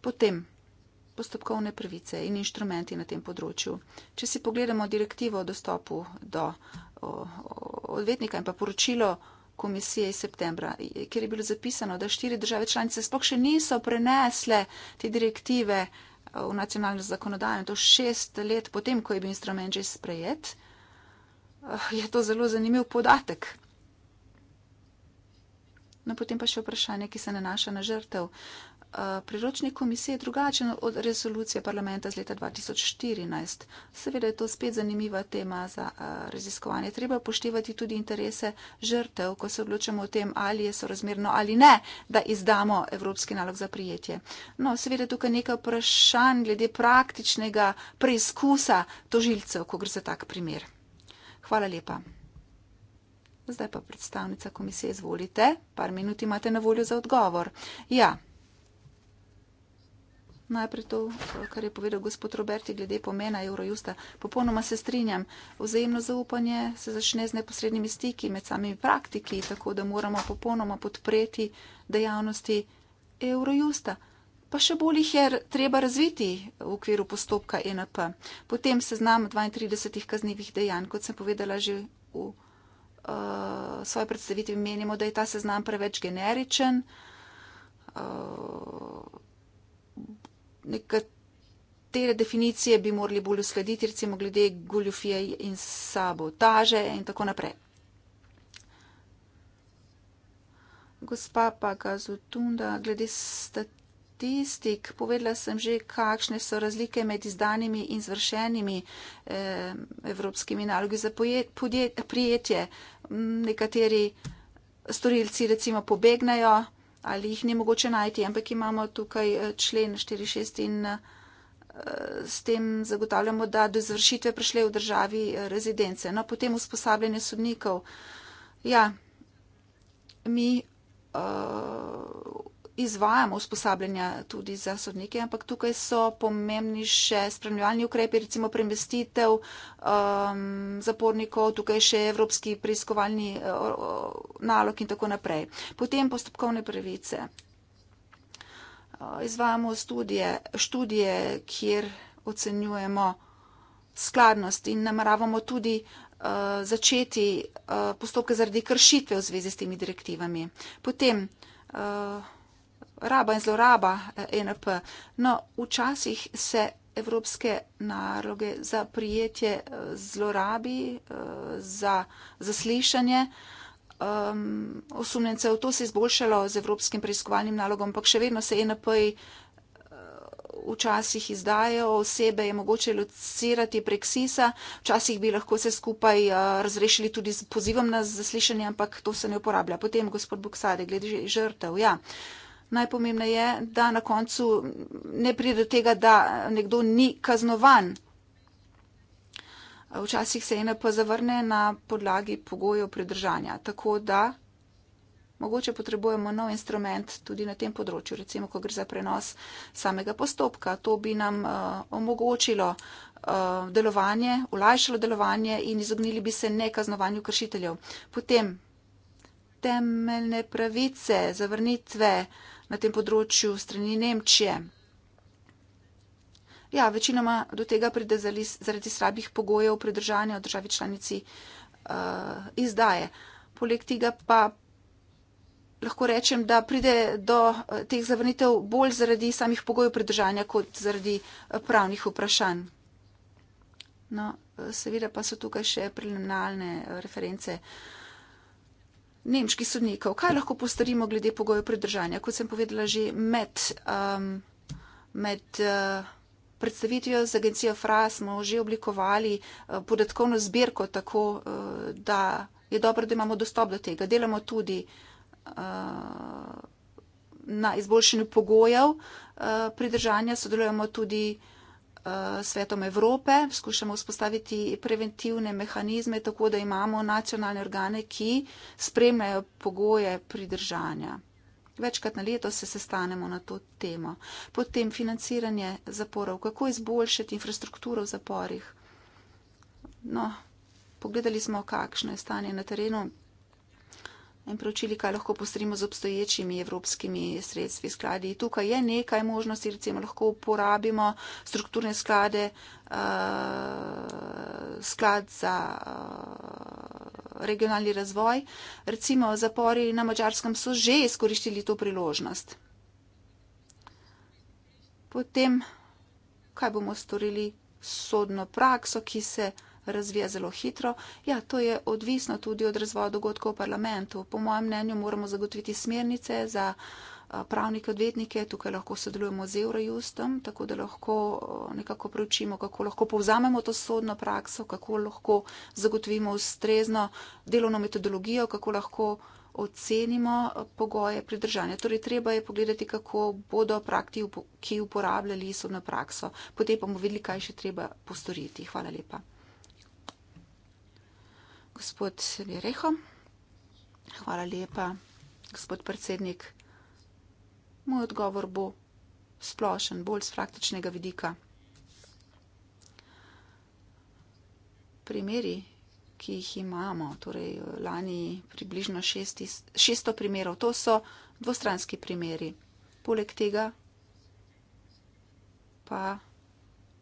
Potem postopkovne pravice in inštrumenti na tem področju. Če si pogledamo direktivo o dostopu do. Eh, odvetnika in pa poročilo komisije iz septembra, kjer je bilo zapisano, da štiri države članice sploh še niso prenesle te direktive eh, v nacionalno zakonodajo in to šest let potem, ko je bil instrument že sprejet, eh, je to zelo zanimiv podatek. No, potem pa še vprašanje, ki se nanaša na žrtev priročni komisije drugačen od rezolucije parlamenta z leta 2014. Seveda je to spet zanimiva tema za raziskovanje. Treba upoštevati tudi interese žrtev, ko se odločamo o tem, ali je sorazmerno ali ne, da izdamo evropski nalog za prijetje. No, seveda tukaj nekaj vprašanj glede praktičnega preizkusa tožilcev, ko gre za tak primer. Hvala lepa. Zdaj pa predstavnica komisije, izvolite, par minut imate na voljo za odgovor. Ja najprej to, kar je povedal gospod Roberti glede pomena Eurojusta. Popolnoma se strinjam. Vzajemno zaupanje se začne z neposrednimi stiki med samimi praktiki, tako da moramo popolnoma podpreti dejavnosti Eurojusta. Pa še bolj jih je treba razviti v okviru postopka ENP. Potem seznam 32 kaznjivih dejanj, kot sem povedala že v uh, svoji predstavitvi, menimo, da je ta seznam preveč generičen. Uh, nekatere definicije bi morali bolj uskladiti, recimo glede goljofije in sabotaže in tako naprej. Gospa Pagazotunda, glede statistik, povedala sem že, kakšne so razlike med izdanimi in zvršenimi eh, evropskimi nalogi za podjetje. Nekateri storilci recimo pobegnajo ali jih ni mogoče najti, ampak imamo tukaj eh, člen 4.6 in eh, s tem zagotavljamo, da do izvršitve prišle v državi eh, rezidence. No, potem usposabljanje sodnikov. Ja, mi. Uh, izvajamo usposabljanja tudi za sodnike, ampak tukaj so pomembni še spremljalni ukrepi, recimo premestitev um, zapornikov, tukaj še evropski preiskovalni uh, uh, nalog in tako naprej. Potem postopkovne pravice. Uh, izvajamo studije, študije, kjer ocenjujemo skladnost in nameravamo tudi uh, začeti uh, postopke zaradi kršitve v zvezi s temi direktivami. Potem uh, raba in zloraba eh, e NP. No, včasih se evropske naloge za prijetje eh, zlorabi, eh, za zaslišanje um, osumljencev, to se je izboljšalo z evropskim preiskovalnim nalogom, ampak še vedno se e NP včasih izdajo osebe, je mogoče locirati prek SIS-a, včasih bi lahko se skupaj uh, razrešili tudi z pozivom na zaslišanje, ampak to se ne uporablja. Potem gospod Buksade, glede žrtev. Ja. Uh, najpomembneje, da na koncu ne pride do tega, da nekdo ni kaznovan. Včasih se ena pa zavrne na podlagi pogojev pridržanja. Tako da mogoče potrebujemo nov instrument tudi na tem področju, recimo, ko gre za prenos samega postopka. To bi nam uh, omogočilo uh, delovanje, olajšalo delovanje in izognili bi se nekaznovanju kršiteljev. Potem temeljne pravice, zavrnitve. Uh, na tem področju strani Nemčije. Ja, večinoma do tega pride zaradi slabih pogojev pridržanja v državi članici uh, izdaje. Poleg tega pa lahko rečem, da pride do eh, teh zavrnitev bolj zaradi samih pogojev pridržanja kot zaradi eh, pravnih vprašanj. No, seveda pa so tukaj še preliminalne reference. Uh, nemških sodnikov. Kaj lahko postorimo glede pogoja pridržanja, kot sem povedala že med, um, med uh, predstavitvijo z agencijo FRA, smo že oblikovali uh, podatkovno zbirko tako, uh, da je dobro, da imamo dostop do tega. Delamo tudi uh, na izboljšanju pogojev uh, pridržanja, sodelujemo tudi uh, Eh, svetom Evrope, skušamo vzpostaviti preventivne mehanizme, tako da imamo nacionalne organe, ki spremljajo pogoje pridržanja. Večkrat na leto se sestanemo na to temo. Potem financiranje zaporov, kako izboljšati infrastrukturo v zaporih. No, pogledali smo, kakšno je stanje na terenu in preučili, kaj lahko postorimo z obstoječimi evropskimi sredstvi skladi. Tukaj je nekaj možnosti, recimo lahko uporabimo strukturne sklade, uh, sklad za uh, regionalni razvoj. Recimo zapori na Mačarskem so že izkoristili to priložnost. Potem, kaj bomo storili s sodno prakso, ki se razvija zelo hitro. Ja, to je odvisno tudi od razvoja dogodkov v parlamentu. Po mojem mnenju moramo zagotoviti smernice za eh, pravnike, odvetnike. Tukaj lahko sodelujemo z Eurojustom, tako da lahko eh, nekako preučimo, kako lahko povzamemo to sodno prakso, kako lahko zagotovimo ustrezno delovno metodologijo, kako lahko ocenimo eh, pogoje pridržanja. Torej, treba je pogledati, kako bodo prakti, ki uporabljali sodno prakso. Potem pa bomo videli, kaj še treba postoriti. Hvala lepa gospod Jereho. Hvala lepa, gospod predsednik. Moj odgovor bo splošen, bolj z praktičnega vidika. Primeri, ki jih imamo, torej lani približno 600 primerov, to so dvostranski primeri. Poleg tega pa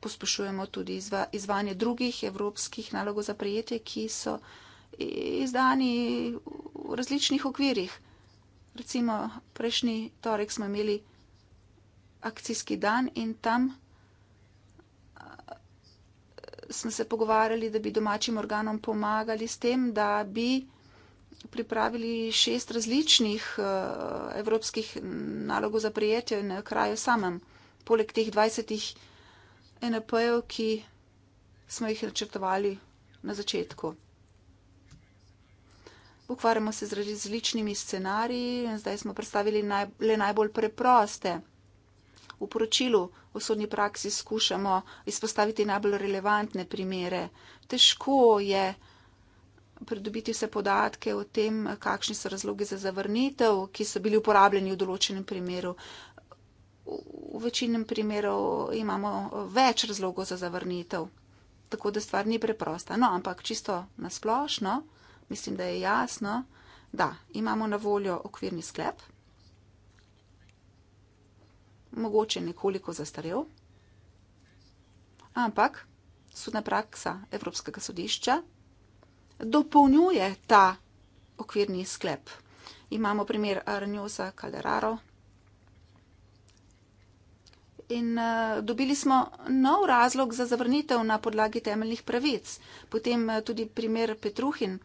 pospešujemo tudi izva, izvanje drugih evropskih nalogov za prijetje, ki so izdani v različnih okvirih. Recimo, prejšnji torek smo imeli akcijski dan in tam smo se pogovarjali, da bi domačim organom pomagali s tem, da bi pripravili šest različnih evropskih nalogov za prijetje na kraju samem. Poleg teh 20 NLP-jev, ki smo jih načrtovali na začetku. Ukvarjamo se z različnimi scenariji in zdaj smo predstavili naj, le najbolj preproste. V poročilu v sodni praksi skušamo izpostaviti najbolj relevantne primere. Težko je pridobiti vse podatke o tem, kakšni so razloge za zavrnitev, ki so bili uporabljeni v določenem primeru v večini primerov imamo več razlogov za zavrnitev. Tako da stvar ni preprosta. No, ampak čisto nasplošno, mislim, da je jasno, da imamo na voljo okvirni sklep, mogoče nekoliko zastarel, ampak sodna praksa Evropskega sodišča dopolnjuje ta okvirni sklep. Imamo primer Arnjoza Kalderaro in uh, dobili smo nov razlog za zavrnitev na podlagi temeljnih pravic. Potem uh, tudi primer Petruhin.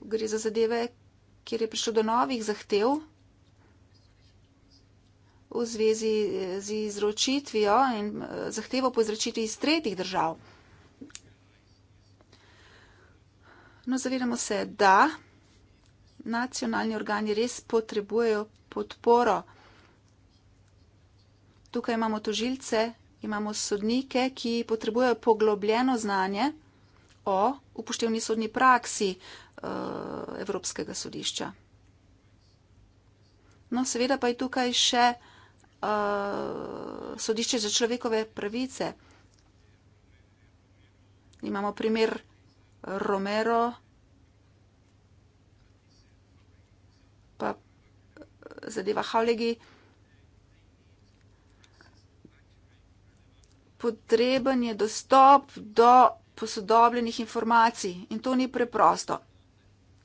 Gre za zadeve, kjer je prišlo do novih zahtev v zvezi eh, z izročitvijo in uh, zahtevo po izročitvi iz tretjih držav. No, zavedamo se, da nacionalni organi res potrebujejo podporo. Tukaj imamo tožilce, imamo sodnike, ki potrebujejo poglobljeno znanje o upoštevni sodni praksi uh, Evropskega sodišča. No, seveda pa je tukaj še uh, sodišče za človekove pravice. Imamo primer Romero, pa eh, zadeva Haulegi. potreben je dostop do posodobljenih informacij in to ni preprosto.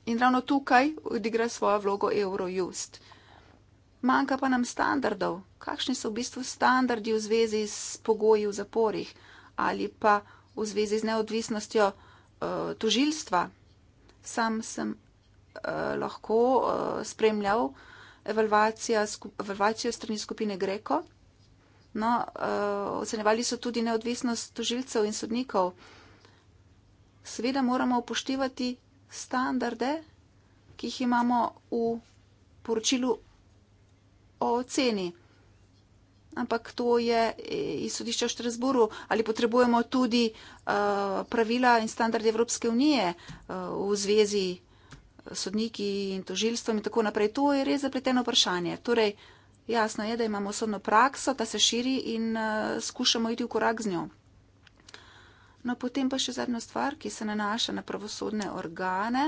In ravno tukaj odigra svojo vlogo Eurojust. Manjka pa nam standardov. Kakšni so v bistvu standardi v zvezi s pogoji v zaporih ali pa v zvezi z neodvisnostjo uh, tožilstva? Sam sem uh, lahko uh, spremljal evalvacijo strani skupine Greko. No, uh, ocenjevali so tudi neodvisnost tožilcev in sodnikov. Seveda moramo upoštevati standarde, ki jih imamo v poročilu o oceni. Ampak to je eh, iz sodišča v Štrasburu. Ali potrebujemo tudi uh, pravila in standarde Evropske unije uh, v zvezi s sodniki in tožilstvom in tako naprej? To je res zapleteno vprašanje. Torej, uh, jasno je, da imamo sodno prakso, da se širi in uh, skušamo iti v korak z njo. No, potem pa še zadnja stvar, ki se nanaša na pravosodne organe.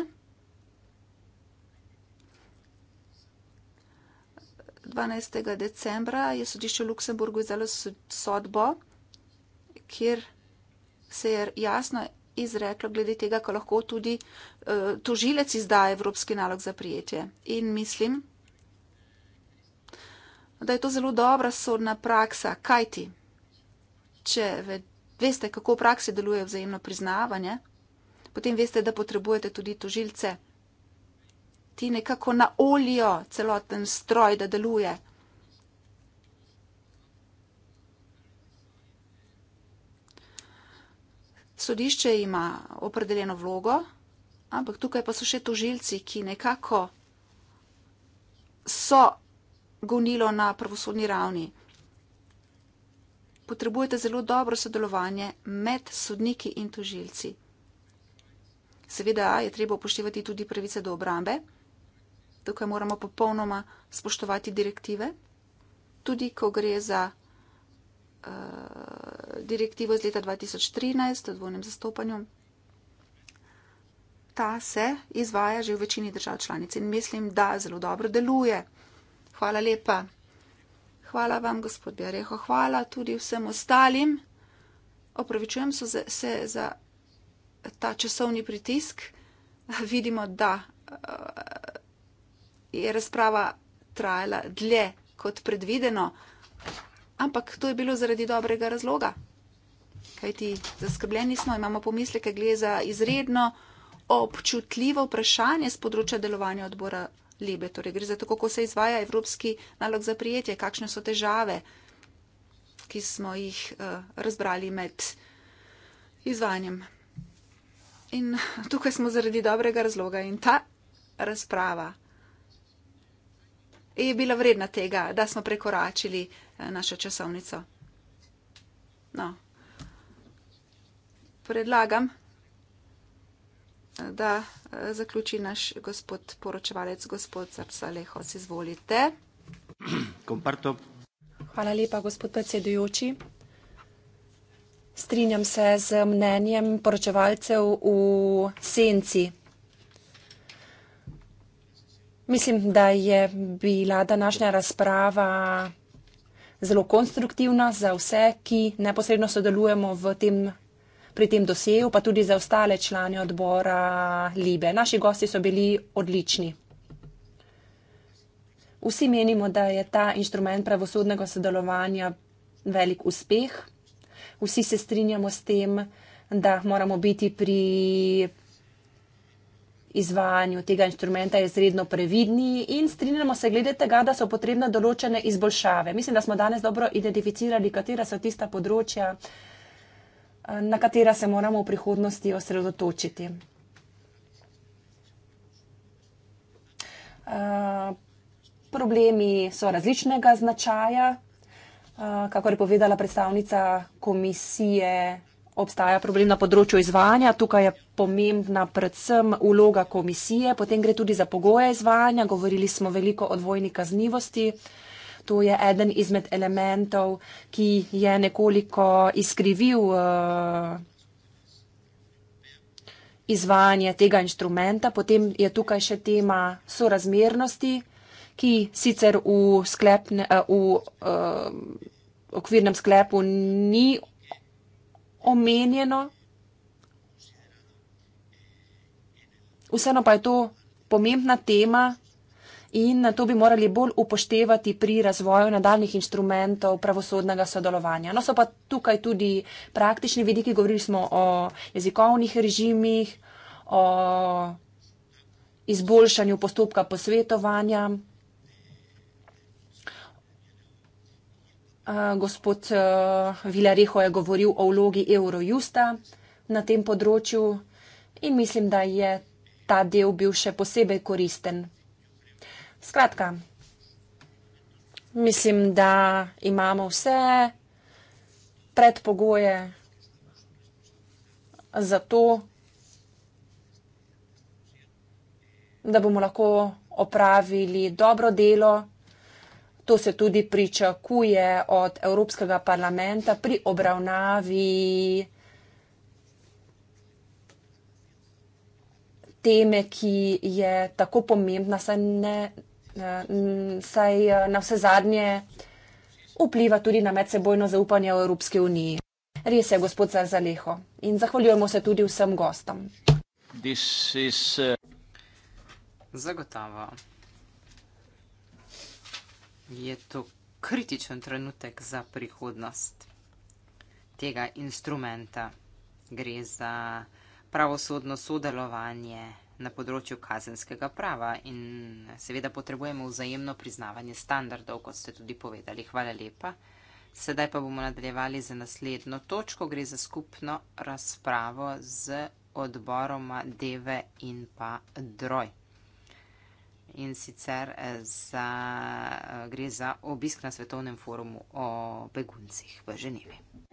12. decembra je sodišče v Luksemburgu izdalo sodbo, kjer se je jasno izreklo glede tega, ko lahko tudi uh, tožilec izdaje Evropski nalog za prijetje. In mislim, da je to zelo dobra sodna praksa. Kaj ti, če ve, veste, kako v praksi deluje vzajemno priznavanje, potem veste, da potrebujete tudi tožilce. Ti nekako na olijo celoten stroj, da deluje. Sodišče ima opredeljeno vlogo, ampak tukaj pa so še tožilci, ki nekako so gonilo na pravosodni ravni. Potrebujete zelo dobro sodelovanje med sodniki in tožilci. Seveda je treba upoštevati tudi pravice do obrambe. Tukaj moramo popolnoma spoštovati direktive. Tudi, ko gre za uh, direktivo iz leta 2013 o dvojnem zastopanju, ta se izvaja že v večini držav članic in mislim, da zelo dobro deluje. Hvala lepa. Hvala vam, gospod Bereho. Hvala tudi vsem ostalim. Opravičujem se za ta časovni pritisk. Vidimo, da eh, je razprava trajala dlje kot predvideno, ampak to je bilo zaradi dobrega razloga. Kajti zaskrbljeni smo, imamo pomisleke, gre za izredno občutljivo vprašanje z področja delovanja odbora Libe. Torej, gre za to, kako se izvaja evropski nalog za prijetje, kakšne so težave, ki smo jih eh, razbrali med izvanjem. In tukaj smo zaradi dobrega razloga in ta razprava je bila vredna tega, da smo prekoračili eh, našo časovnico. No. Predlagam, da eh, zaključi naš gospod poročevalec, gospod Zapsalehos. Izvolite. Komparto. Hvala lepa, gospod predsedujoči. Strinjam se z mnenjem poročevalcev v senci. Mislim, da je bila današnja razprava zelo konstruktivna za vse, ki neposredno sodelujemo v tem pri tem dosegel, pa tudi za ostale člane odbora Libe. Naši gosti so bili odlični. Vsi menimo, da je ta inštrument pravosodnega sodelovanja velik uspeh. Vsi se strinjamo s tem, da moramo biti pri izvajanju tega inštrumenta izredno previdni in strinjamo se glede tega, da so potrebne določene izboljšave. Mislim, da smo danes dobro identificirali, katera so tista področja, na katera se moramo v prihodnosti osredotočiti. Uh, problemi so različnega značaja. Uh, kakor je povedala predstavnica komisije, obstaja problem na področju izvajanja. Tukaj je pomembna predvsem vloga komisije, potem gre tudi za pogoje izvajanja. Govorili smo veliko o dvojni kaznivosti to je eden izmed elementov, ki je nekoliko izkrivil eh, izvajanje tega inštrumenta. Potem je tukaj še tema sorazmernosti, ki sicer v, sklepne, eh, v eh, okvirnem sklepu ni omenjeno. Vseeno pa je to pomembna tema in to bi morali bolj upoštevati pri razvoju nadaljnih instrumentov pravosodnega sodelovanja. No, so pa tukaj tudi praktični vidiki, govorili smo o jezikovnih režimih, o izboljšanju postopka posvetovanja. Gospod Vilareho je govoril o vlogi Eurojusta na tem področju in mislim, da je ta del bil še posebej koristen. Skratka, mislim, da imamo vse predpogoje za to, da bomo lahko opravili dobro delo. To se tudi pričakuje od Evropskega parlamenta pri obravnavi teme, ki je tako pomembna, saj ne, saj eh, na vse zadnje vpliva tudi na medsebojno zaupanje v Evropski uniji. Res je, gospod Zarzaleho. In zahvaljujemo se tudi vsem gostom. Is, uh... Eh, Zagotavo. Je to kritičen trenutek za prihodnost tega instrumenta. Gre za pravosodno sodelovanje na področju kazenskega prava in seveda potrebujemo vzajemno priznavanje standardov, kot ste tudi povedali. Hvala lepa. Sedaj pa bomo nadaljevali za naslednjo točko. Gre za skupno razpravo z odboroma Deve in pa Droj. In sicer za, gre za obisk na svetovnem forumu o beguncih v Ženevi.